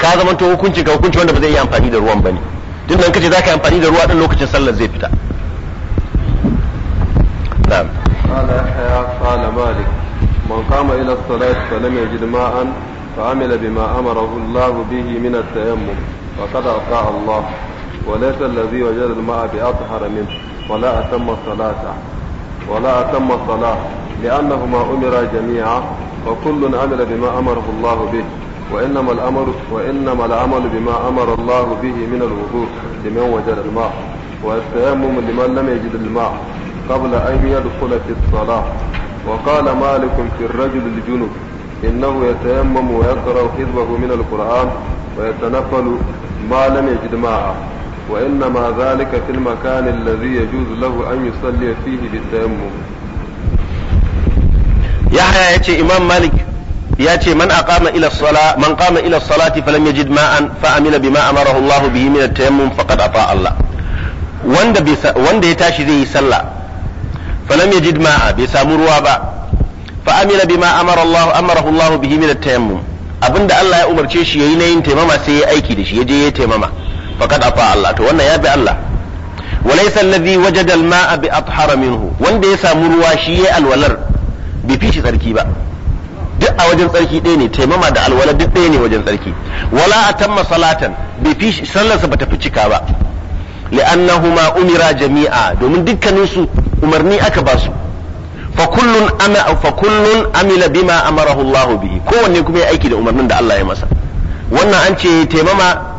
ka zama to hukunci ka hukunci wanda ba zai yi amfani da ruwan bane din nan kace zaka yi amfani da ruwa din lokacin sallar zai fita na'am qala ya qala malik man qama ila as-salati fa lam yajid ma'an fa amila bima amarahu Allah bihi min at-tayammum faqad aqa Allah wa la wajada وليس الذي وجد الماء بأطهر منه atamma salata صلاته ولا أتم الصلاة لأنهما أمرا جميعا وكل عمل بما أمره الله به وإنما الأمر وإنما العمل بما أمر الله به من الوضوء لمن وجد الماء والتيمم لمن لم يجد الماء قبل أن يدخل في الصلاة وقال مالك في الرجل الجنوب إنه يتيمم ويقرأ حزبه من القرآن ويتنفل ما لم يجد ماء وإنما ذلك في المكان الذي يجوز له أن يصلي فيه بالتيمم يحيى يا إمام مالك ya ce man aqama ila sala man qama ila salati falam fa amila bima amarahu Allah bihi min at-tayammum faqad ata Allah wanda ya tashi zai yi sallah falam yajid ma'a bai samu ba fa amila bima Allah Allah abinda Allah ya umarce shi yayi nayin yin taimama sai ya aiki da shi ya je ya taimama faqad ata Allah to wannan ya bi Allah walaysa alladhi wajada al-ma'a bi athhara minhu wanda ya samu ruwa shi yayi alwalar bai fi shi sarki ba a wajen tsarki ɗaya ne taimama da alwala duk ɗaya ne wajen tsarki wala a tamma salatan bai fi sallarsa ba ta fi cika ba li'annahuma umira jami'a domin dukkanin su umarni aka ba su fa kullun ana fa kullun amila bima amarahu Allahu bihi kowanne kuma ya aiki da umarnin da Allah ya masa wannan an ce taimama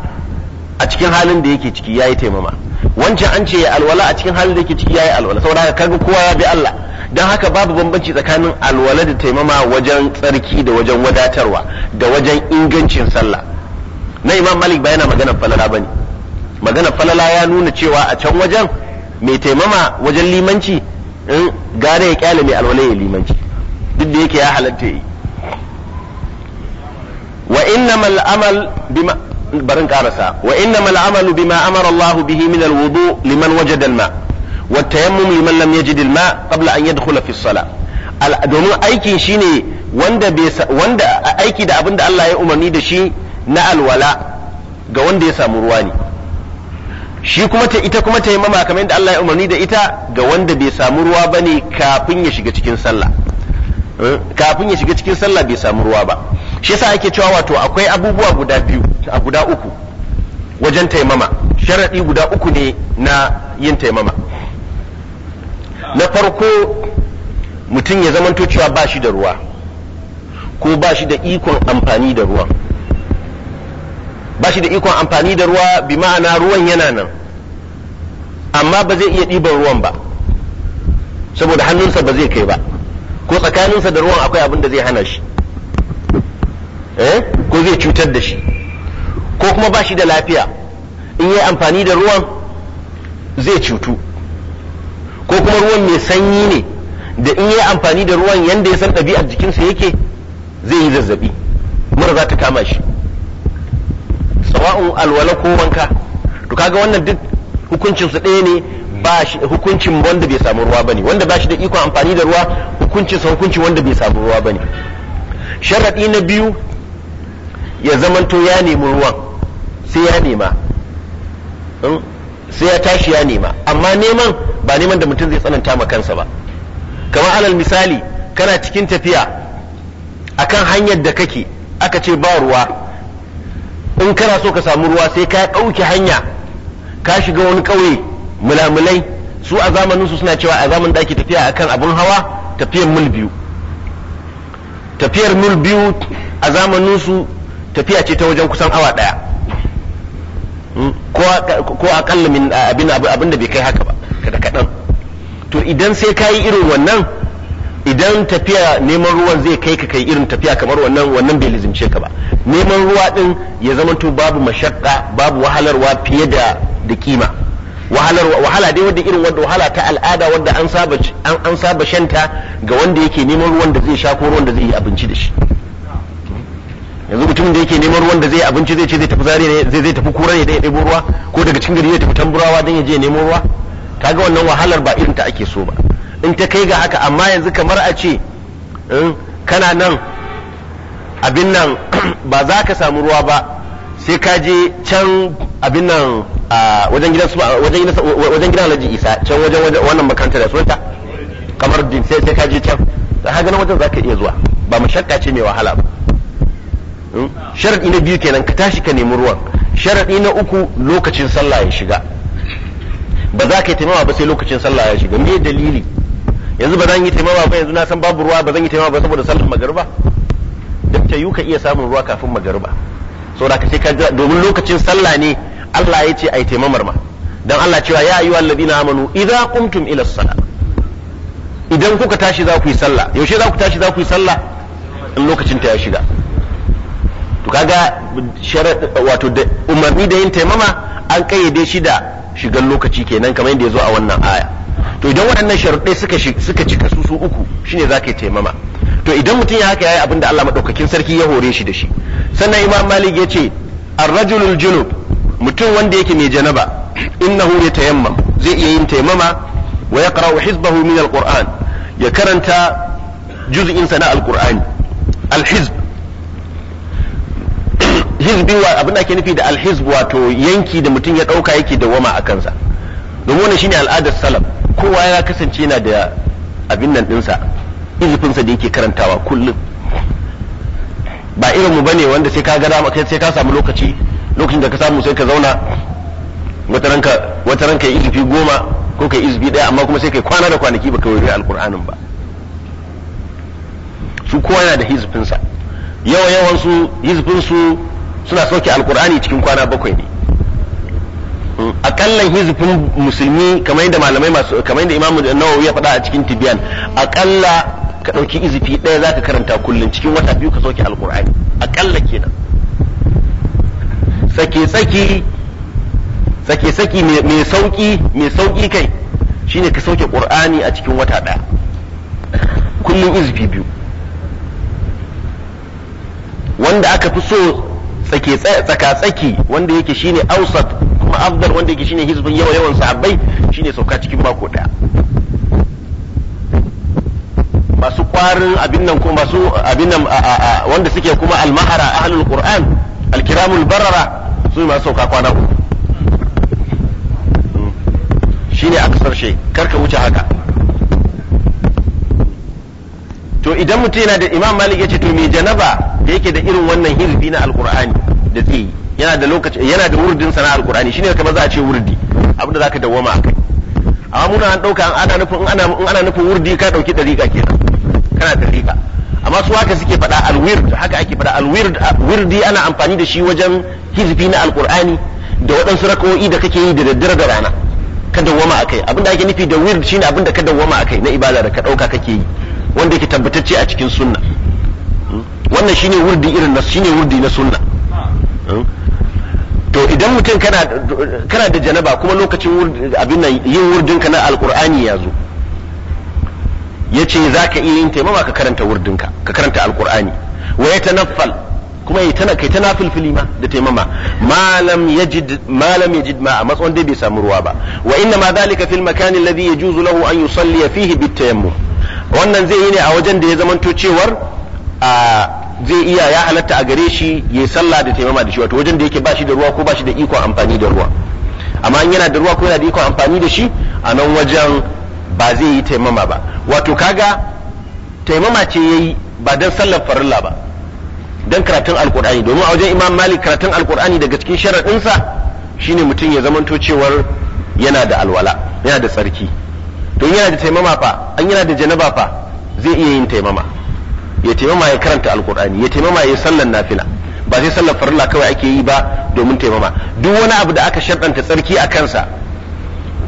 a cikin halin da yake ciki yayi taimama wancan an ce alwala a cikin halin da yake ciki yayi alwala saboda kaga kowa ya bi Allah don haka babu bambanci tsakanin alwala da taimama wajen tsarki da wajen wadatarwa da wajen ingancin sallah na imam malik bayana magana maganar falala bane magana falala ya nuna cewa a can wajen mai taimama wajen limanci in gare ya kyale mai alwala ya limanci duk da yake ya halatta yi wa innamal amal bima barin karasa wa innamal amalu bima amara Allah bihi min alwudu liman wajada al-ma' wa tayammum liman lam yajid al-ma qabla an yadkhula fi as domin aikin shine wanda wanda aiki da abinda Allah ya umarni da shi na alwala ga wanda ya samu ruwa ne shi kuma ta ita kuma ta yamma kamar yadda Allah ya umarni da ita ga wanda bai samu ruwa ba ne kafin ya shiga cikin sallah kafin ya shiga cikin sallah bai samu ruwa ba shi yasa ake cewa wato akwai abubuwa guda biyu a guda uku wajen taimama sharaɗi guda uku ne na yin taimama na farko mutum ya zamanto cewa ba shi da ruwa ko ba shi da ikon amfani da ruwan ba shi da ikon amfani da ruwa bi ma'ana ruwan yana nan amma ba zai iya ɗiban ruwan ba saboda hannunsa ba zai kai ba ko tsakaninsa da ruwan akwai abin da zai hana shi eh ko zai cutar da shi ko kuma ba shi da lafiya in yi amfani da ruwan zai cutu ko kuma ruwan mai sanyi ne da in yi amfani da ruwan yanda ya san ɗabi'ar jikinsa yake zai yi zazzabi mura za ta kama shi sawa'un alwala ko wanka to kaga wannan duk hukuncin su ɗaya ne ba shi hukuncin wanda bai samu ruwa bane wanda ba shi da ikon amfani da ruwa hukuncin sa hukuncin wanda bai samu ruwa bane sharadi na biyu ya zamanto ya nemi ruwan sai ya nema hmm? sai ya tashi ya nema amma neman ba neman da mutum zai tsananta ma kansa ba kamar alal misali kana cikin tafiya akan hanyar da kake aka ce ba ruwa in kana so ka samu ruwa sai ka ɗauki hanya ka shiga wani ƙauye mulamulai su a zamanin su suna cewa a zamanin da ake tafiya akan abun hawa tafiyar mil biyu tafiyar mil biyu a zamanin su tafiya ce ta wajen kusan awa ɗaya hmm? ko a abin da bai kai haka ba kada kaɗan to idan sai ka yi irin wannan idan tafiya neman ruwan zai kai ka kai irin tafiya kamar wannan wannan bai lizimce ka ba neman ruwa din ya zama to babu mashakka babu wahalarwa fiye da da kima wahalar wahala dai wanda irin wanda wahala ta al'ada wanda an saba an, an saba shanta ga wanda yake neman ruwan da zai sha ko ruwan da zai yi abinci da shi yanzu mutumin da yake neman ruwan da zai abinci zai ce zai tafi zare zai zai tafi kura ne dan ya ɗebo ruwa ko daga cikin gari zai tafi tamburawa dan ya je neman ruwa kaga wannan wahalar ba irin ta ake so ba in ta kai ga haka amma yanzu kamar a ce eh, kana nan abin nan ba za ka samu ruwa ba sai ka je can abin nan wajen gidan wajen gidan Alhaji Isa can wajen wannan makaranta da sunta kamar din sai sai ka je can haka nan wajen za ka iya zuwa ba mu shakka ce mai wahala ba hmm? sharadi na biyu kenan ka tashi ka nemi ruwan sharadi na uku lokacin sallah ya shiga ba za ka yi taimama ba sai lokacin sallah ya shiga me dalili yanzu ba zan yi taimama ba yanzu na san babu ruwa ba zan yi taimama ba saboda sallar magariba duk ta ka iya samun ruwa kafin magariba saboda ka sai ka jira domin lokacin sallah ne Allah ya ce ai taimamar ma dan Allah cewa ya ayyuhal ladina amanu idza qumtum ila salat idan kuka tashi za ku yi sallah yaushe za ku tashi za ku yi sallah in lokacin ta ya shiga to kaga wato umarni da yin taimama an kayyade shi da shigan lokaci kenan kamar yadda ya zo a wannan aya to idan waɗannan sharuɗai suka cika su su uku shine za ka taimama to idan mutum ya haka yayi abin da Allah maɗaukakin sarki ya hore shi da shi sannan imam malik ya ce ar-rajulul junub mutum wanda yake mai janaba innahu yatayammam zai iya yin taimama wa yaqra'u hizbahu min al-qur'an ya karanta juz'in sana al-qur'ani al hizbi wa abin da ake nufi da alhizb wato yanki da mutum ya dauka yake dawama a kansa domin wannan shine al'adar salaf kowa ya kasance yana da abin nan dinsa izifinsa da yake karantawa kullum ba irin mu bane wanda sai ka ga dama sai ka samu lokaci lokacin da ka samu sai ka zauna wata ranka wata ranka yi izifi goma ko kai izifi daya amma kuma sai kai kwana da kwanaki baka wuri alqur'anin ba su kowa yana da sa yawa yawan su hizbin su suna sauke alkur'ani cikin kwana bakwai ne mm, akallan hizifin musulmi kamar yadda malamai masu kamar yadda imamu nawawi ya faɗa a cikin tibiyan akalla ka ɗauki izifi ɗaya za ka karanta kullum cikin wata biyu ka sauke alkur'ani akalla kenan sake-sake sake-sake mai sauki mai sauki kai shine ka sauke ƙur'ani a cikin wata ɗaya kullum izifi biyu wanda aka fi so tsake tsaka tsaki wanda yake shine ausat kuma afdal wanda yake shine hizbun yawa yawan sahabbai shine sauka cikin mako daya masu kwarin abin nan kuma masu abin nan wanda suke kuma almahara ahlul qur'an alkiramul barara su ma sauka kwana uku shine aksar shi karka wuce haka to idan mutum yana da imam malik ya ce to me janaba da yake da irin wannan hirfi na alkur'ani da zai yana da lokaci yana da wurdin sana alkur'ani shine kamar za a ce wurdi abinda zaka dawoma akai amma muna an dauka an ana nufin ana in ana nufin wurdi ka dauki dariqa kenan kana dariqa amma su haka suke faɗa alwird haka ake faɗa alwird wurdi ana amfani da shi wajen hizbi na alkur'ani da waɗansu raka'o'i da kake yi da daddare da rana ka dawwama akai abinda ake nufi da wird shine abinda ka dawwama akai na ibada da ka dauka kake yi wanda yake tabbatacce a cikin sunna wannan shine wurdi irin na shine wurdi na sunna to idan mutum kana kana da janaba kuma lokacin abin nan yin wurdin ka na alqur'ani ya zo yace zaka iya yin taimama ka karanta wurdin ka ka karanta alqur'ani wa yatanaffal kuma yi tana kai tana filfili ma da taimama malam yajid malam yajid ma a matsayin dai bai samu ruwa ba wa inna ma zalika fil makani alladhi yajuzu lahu an yusalli fihi bit tayammum wannan zai yi ne a wajen da ya zamanto cewar zai iya ya halatta a gare shi ya sallah da taimama da shi wato wajen da yake ba shi da ruwa ko ba shi da ikon amfani da ruwa amma in yana da ruwa ko yana da ikon amfani da shi a nan wajen ba zai yi taimama ba wato kaga taimama ce yayi ba dan sallar farilla ba dan karatun alkur'ani domin a wajen imam malik karatun alkur'ani daga cikin sharaɗinsa shine mutum ya zamanto cewar yana da alwala yana da tsarki to yana da taimama fa an yana da janaba fa zai iya yin taimama ya taimama ya karanta alkur'ani ya taimama ya sallan nafila ba sai sallar farilla kawai ake yi ba domin taimama duk wani abu da aka shaddanta tsarki a kansa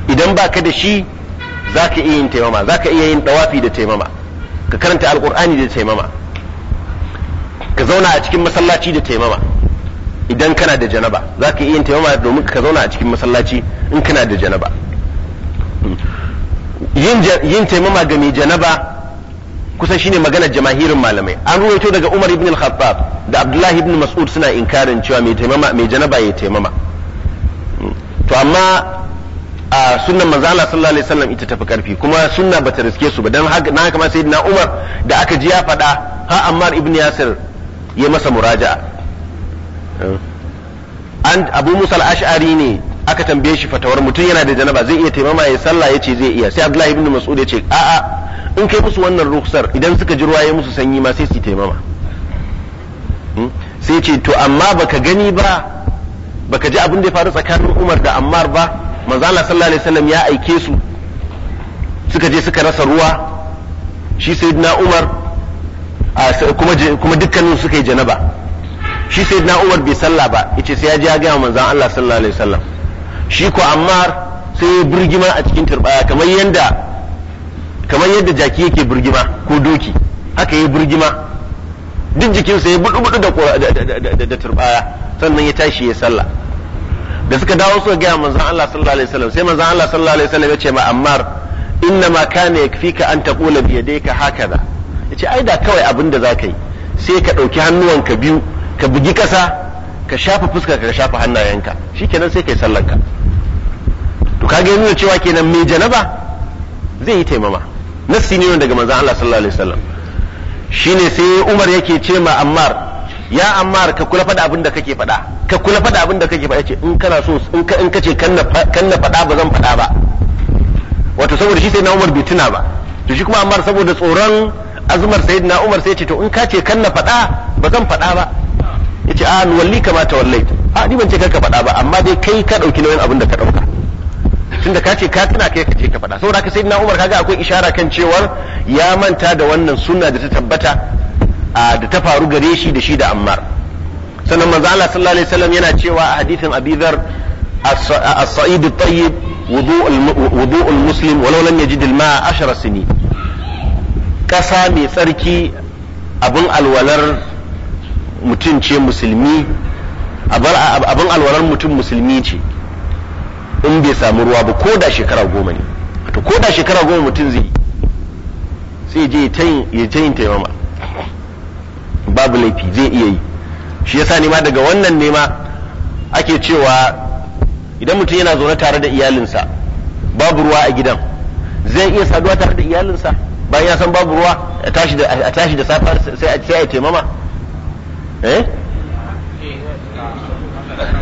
idan ba ka da shi za ka iya yin taimama za ka iya yin dawafi da taimama ka karanta alkur'ani da taimama ka zauna a cikin masallaci da taimama idan kana da janaba za ka iya yin taimama domin ka zauna a cikin masallaci in kana da janaba yin taimama ga mai janaba kusan shine maganar jamahirin malamai an ruwaito daga Umar ibn al-Khattab da Abdullahi ibn Mas'ud suna inkarin cewa mai taimama mai janaba ya taimama to amma a sunnan manzo Allah sallallahu alaihi wasallam ita tafi karfi kuma sunna bata riske su ba dan haka na kama sayyidina Umar da aka ji ya faɗa ha Ammar ibn Yasir ya masa muraja'a an Abu Musa al-Ash'ari ne aka tambaye shi fatawar mutum yana da janaba zai iya taimama ya sallah ya ce zai iya sai abdullahi ibn mas'ud ya ce a'a in kai musu wannan ruksar idan suka ji ruwa ya musu sanyi ma sai su taimama hmm? sai ce to amma baka gani ba baka ji abin da ya faru tsakanin Umar da Ammar ba manzo Allah sallallahu alaihi wasallam ya aike su suka je suka rasa ruwa shi sayyidina Umar kuma kuma dukkanin suka yi janaba shi sayyidina Umar bai sallah ba yace sai ya ji ya ga manzo Allah sallallahu alaihi wasallam shi ko ammar sai ya burgima a cikin turbaya kamar yadda kamar yadda jaki yake burgima ko doki haka ya burgima duk jikinsa ya budu budu da da turbaya sannan ya tashi ya sallah da suka dawo suka gaya manzon Allah sallallahu alaihi wasallam sai manzon Allah sallallahu alaihi wasallam ya ce ma ammar inna ma kana yakfika an taqula bi yadayka hakaza yace ai da kawai abin da zaka yi sai ka dauki hannuwanka biyu ka bugi kasa ka shafa fuska ka shafa hannayenka shikenan sai kai sallar ka to kage nuna cewa kenan mai janaba zai yi taimama nassi ne daga manzon Allah sallallahu alaihi wasallam shine sai Umar yake ce ma Ammar ya Ammar ka kula faɗa abin da kake faɗa ka kula faɗa abin da kake faɗa ce in kana so in ka in kace kan na faɗa ba zan faɗa ba wato saboda shi sai na Umar bai tuna ba to shi kuma Ammar saboda tsoron azumar sayyidina Umar sai ce to in kace kan na faɗa ba zan faɗa ba yace a ah, walli kamata ta wallai a ah, ni ban ce karka faɗa ba amma dai kai ka ɗauki nauyin abin da ka ɗauka tunda ka ce ka tuna kai ka ce ka faɗa saboda sai na Umar kaga akwai ishara kan cewar ya manta da wannan sunna da ta tabbata da ta faru gare shi da shi da Ammar sannan manzo Allah sallallahu alaihi wasallam yana cewa a hadithin Abi Dhar as-sa'id at-tayyib wudu' al-muslim walau lam yajid al-ma'a 10 sinin kasa mai tsarki abin alwalar mutum ce musulmi abin alwarar mutum musulmi ce in bai samu ruwa ba ko da shekara goma ne to ko da shekara goma mutum zai sai je ya ta yin taimama babu laifi zai iya yi shi yasa nema daga wannan nema ake cewa idan mutum yana zaune tare da iyalinsa babu ruwa a gidan zai iya saduwa tare da iyalinsa bayan ya san babu ruwa a tashi da safa sai a taimama Eh?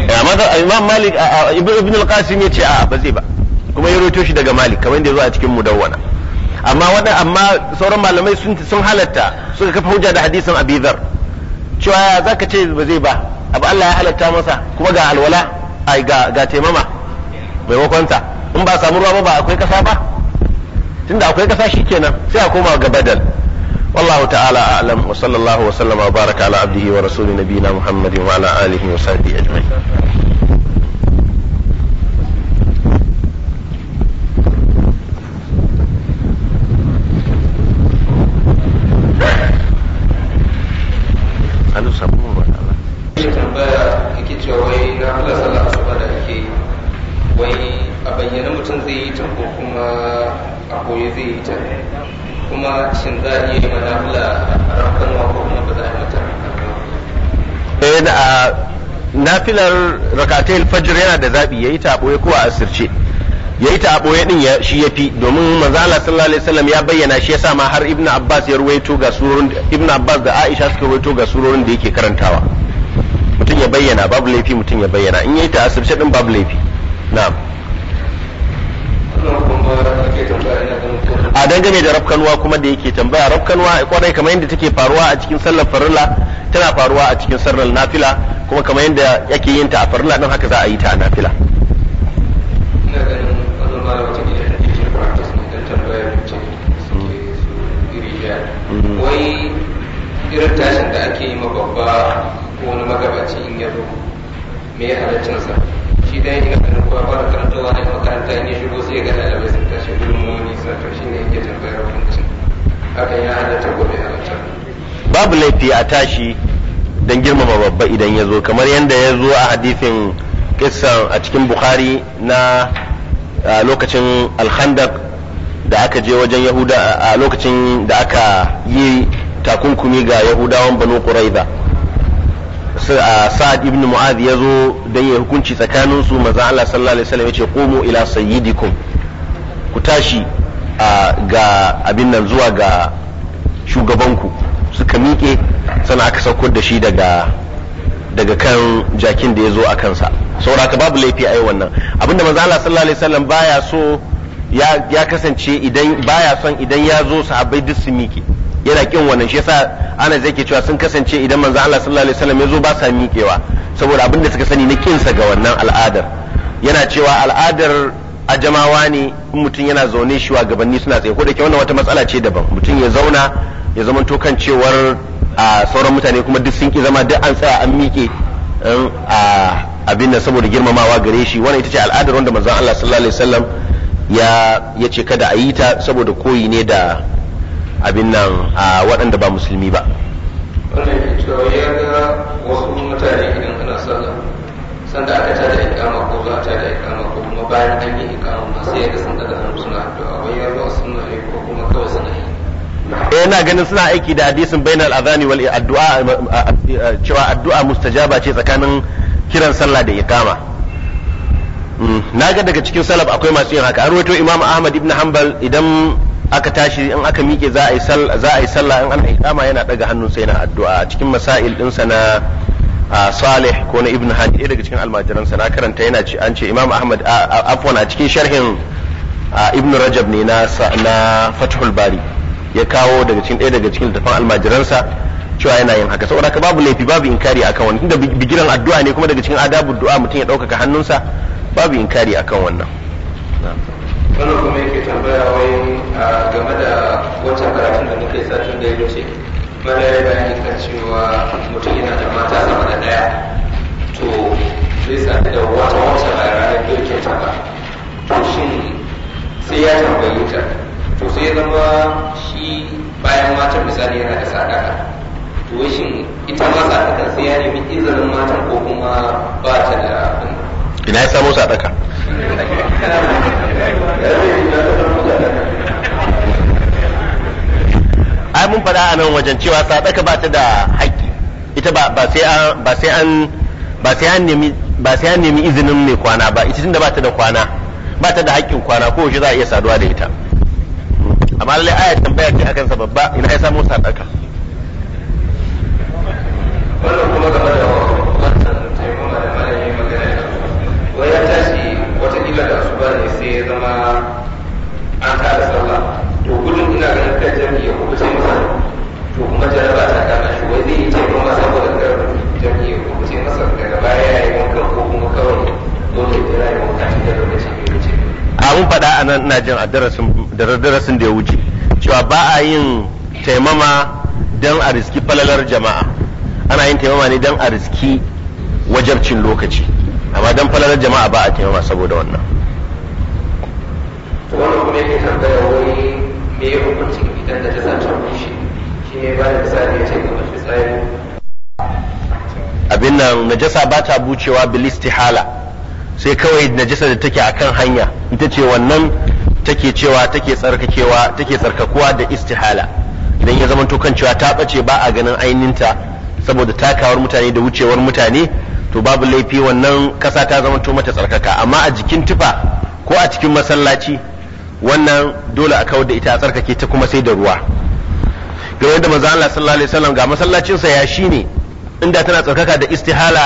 Eh, imam malik ibn al-qasim ya ce a ba zai ba kuma ya roto shi daga malik kamar yadda ya a cikin mudawwana amma wadan amma sauran malamai sun sun halatta suka kafa hujja da hadisin abi dhar cewa zaka ce ba zai ba abu Allah ya halatta masa kuma ga alwala ai ga ga taimama maimakon ta in ba samu ruwa ba ba akwai kasa ba tunda akwai kasa shikenan sai a koma ga badal والله تعالى أعلم وصلى الله وسلم وبارك على عبده ورسول نبينا محمد وعلى آله وصحبه أجمعين kuma shin za a iya manafila rakanwa ko kuma ba za a yi mata eh da nafilar rakatai alfajir yana da zaɓi ya yi taɓoye ko a asirce ya yi boye ɗin shi ya fi domin manzo sallallahu alaihi wasallam ya bayyana shi sa ma har ibnu abbas ya ruwaito ga surorin ibnu abbas da aisha suka ruwaito ga surorin da yake karantawa mutum ya bayyana babu laifi mutum ya bayyana in yayi ta asirce ɗin babu laifi na'am wannan kuma ake tambaya ina ganin a dangane da rafkanuwa kuma da yake tambaya rafkanuwa kwarai kamar yadda take faruwa a cikin sallar farilla tana faruwa a cikin sallar nafila kuma kamar yadda yake yin ta a farilla don haka za a yi ta a nafila mm. wai irin tashin da ake yi mababba ko wani magabaci in yaro me ya halittinsa shi da yake ganin kowa fara karantarwa na makaranta ne shigo sai ya ga ɗalibai sun tashi gudunmuwoyi suna to shi ne yake tambayar hukuncin hakan ya halatta gobe a halatta babu laifi a tashi don girmama babba idan ya zo kamar yadda ya zo a hadisin kissan a cikin bukhari na lokacin alhandak da aka je wajen yahuda a lokacin da aka yi takunkumi ga yahudawan banu quraiza sa'ad ibn mu'ad ya zo don ya hukunci tsakanin su manzon Allah sallallahu alaihi wasallam ya ce qumu ila sayyidikum ku tashi ga abin nan zuwa ga shugabanku suka miƙe sana aka sauko da shi daga daga kan jakin da ya zo a kansa sauraka babu laifi a yi wannan abinda manzo Allah sallallahu alaihi wasallam baya so ya kasance idan baya son idan ya zo sahabbai duk su miƙe yana kin wannan shi yasa ana zai ke cewa sun kasance idan manzo Allah sallallahu alaihi wasallam ya zo ba sa miƙewa saboda abinda suka sani na sa ga wannan al'adar yana cewa al'adar ajamawa ne mutum yana zaune shi wa gabanni suna tsaye ko da ke wannan wata matsala ce daban mutum ya zauna ya zama to kan cewar a sauran mutane kuma duk sun ki zama duk an tsaya an miƙe um, a abin da saboda girmamawa gare shi wannan ita ce al'adar wanda manzo Allah sallallahu alaihi wasallam ya ya ce kada a yi ta saboda koyi ne da abin nan a waɗanda ba musulmi ba Wannan ya cewa ya ga wasu mutane idan ana sallah sanda aka tada ikama ko za a tada ikama ko kuma bayan an yi ikama ba sai ya ga sun daga hannu suna addu'a wai ya zo suna ne ko kuma kawai suna yi eh na ganin suna aiki da hadisin bainal adhani wal addu'a eh, cewa addu'a mustajaba ce tsakanin kiran sallah da ikama hmm, na ga daga cikin salaf akwai masu yin haka an rawaito imam ahmad ibn hanbal idan aka tashi in aka miƙe za a yi sallah in an ikama yana ɗaga sai yana addu'a a cikin masail ɗinsa na salih ko na ibn hajj ɗaya daga cikin almajiransa na karanta yana ce an ce imam ahmad afwan a cikin sharhin ibn rajab ne na fathul bari ya kawo daga cikin ɗaya daga cikin littafin sa cewa yana yin haka saboda babu laifi babu inkari akan wannan tunda bigiran addu'a ne kuma daga cikin adabu du'a mutum ya ɗaukaka hannunsa babu inkari akan wannan wannan kuma yake tambaya wai game da wancan karatun da muke satun da ya wuce mara ya bayani kan cewa mutum yana da mata sama da daya to zai sami da wata wata a ranar girkin ta ba to shin sai ya tambayi ta to sai ya zama shi bayan mata misali yana da sadaka to shin ita ma sadakan sai ya nemi izinin matan ko kuma ba ta da ina ya samu sadaka ai mun faɗa a nan wajen cewa sadaka ba ta da haƙƙi ita ba sai an ba sai an ba sai an nemi ba sai an nemi izinin mai kwana ba ita tunda ba ta da kwana ba ta da haƙƙin kwana ko shi za a iya saduwa da ita amma lallai aya tambaya ce akan sababba ina ya samu sadaka zama an tada sallah to gudun ina ga ka jami'i ya kuma sai masa to kuma jaraba ta kama shi wai zai yi taimakon masa saboda kar jami'i ya kuma sai masa daga baya ya yi wankan ko kuma kawai dole ya jira ya wanka shi da lokacin ya wuce abun faɗa a nan ina jin a darasin da ya wuce cewa ba a yin taimama don a riski falalar jama'a ana yin taimama ne don a riski wajabcin lokaci amma don falalar jama'a ba a taimama saboda wannan wani kuma yake tambaya wai me ya hukuncin idan da ta sa shi shi ne ba da misali ya ce ga mafi tsari abin nan najasa ba ta bucewa bil istihala sai kawai najasa da take akan hanya ita ce wannan take cewa take tsarkakewa take tsarkakuwa da istihala idan ya zama kan cewa ta bace ba a ganin aininta saboda takawar mutane da wucewar mutane to babu laifi wannan kasa ta zama mata tsarkaka amma a jikin tufa ko a cikin masallaci wannan dole a kawar da ita a tsarkake ta kuma sai da ruwa ga da manzo Allah sallallahu alaihi wasallam ga masallacin sa ya shine inda tana tsarkaka da istihala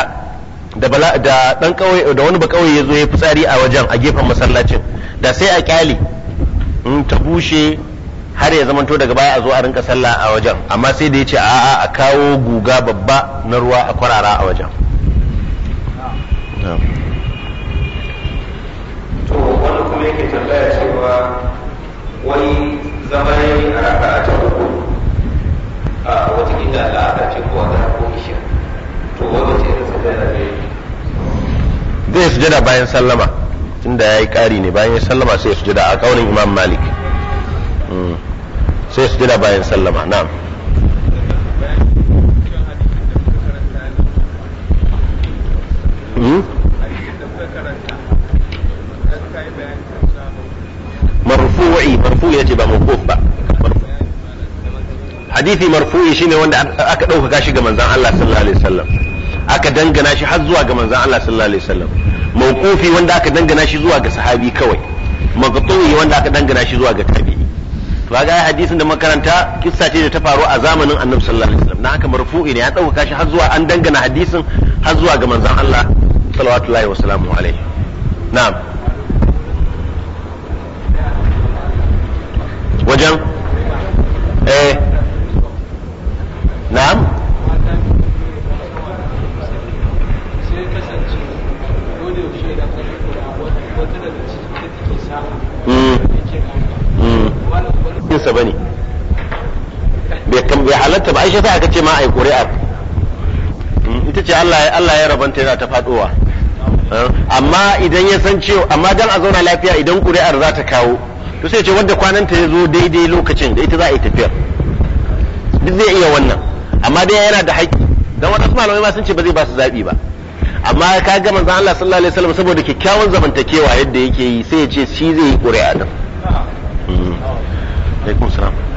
da bala da dan kauye da wani ba kauye yazo ya fitsari a wajen a gefen masallacin da sai a kyale in ta bushe har ya zamanto daga baya a zo a rinka sallah a wajen amma sai da yace a'a a kawo guga babba na ruwa a kwarara a wajen to wani kuma yake tambaya cewa wani zama ya yi a raka a can uku a wata gida da aka ce ko wata ko isha to wanda ce ta da sujada ne zai su sujada bayan sallama tunda ya yi ƙari ne bayan ya sallama sai su sujada a kaunin imam malik hmm. sai su sujada bayan sallama na'am Mm-hmm. marfu'i marfu'i yace ba mawquf ba hadisi marfu'i shine wanda aka dauka gashi ga manzon Allah sallallahu alaihi wasallam aka dangana shi har zuwa ga manzon Allah sallallahu alaihi wasallam mawqufi wanda aka dangana shi zuwa ga sahabi kawai maqtu'i wanda aka dangana shi zuwa ga tabi'i to ga hadisin da makaranta kissa ce da ta faru a zamanin Annabi sallallahu alaihi wasallam na aka marfu'i ne ya dauka shi har zuwa an dangana hadisin har zuwa ga manzon Allah sallallahu alaihi wasallam na'am wajen eh na'am jinsa ba ne bai halatta ba aisha ta aka ce ma a yi ƙuri'ar hmm, ita ce Allah ya rabanta yana ta faɗowa amma idan ya san cewa amma dan a zauna lafiya idan ƙuri'ar za ta kawo to sai ce wanda kwananta ya zo daidai lokacin da ita za a yi tafiyar duk zai iya wannan amma dai yana da haƙƙi dan wasu malamai ma sun ce ba zai ba su zaɓi ba amma ka ga zan Allah sallallahu alaihi wasallam saboda kyakkyawan zamantakewa yadda yake yi sai ya ce shi zai yi ƙuri'a din hmm. alaikum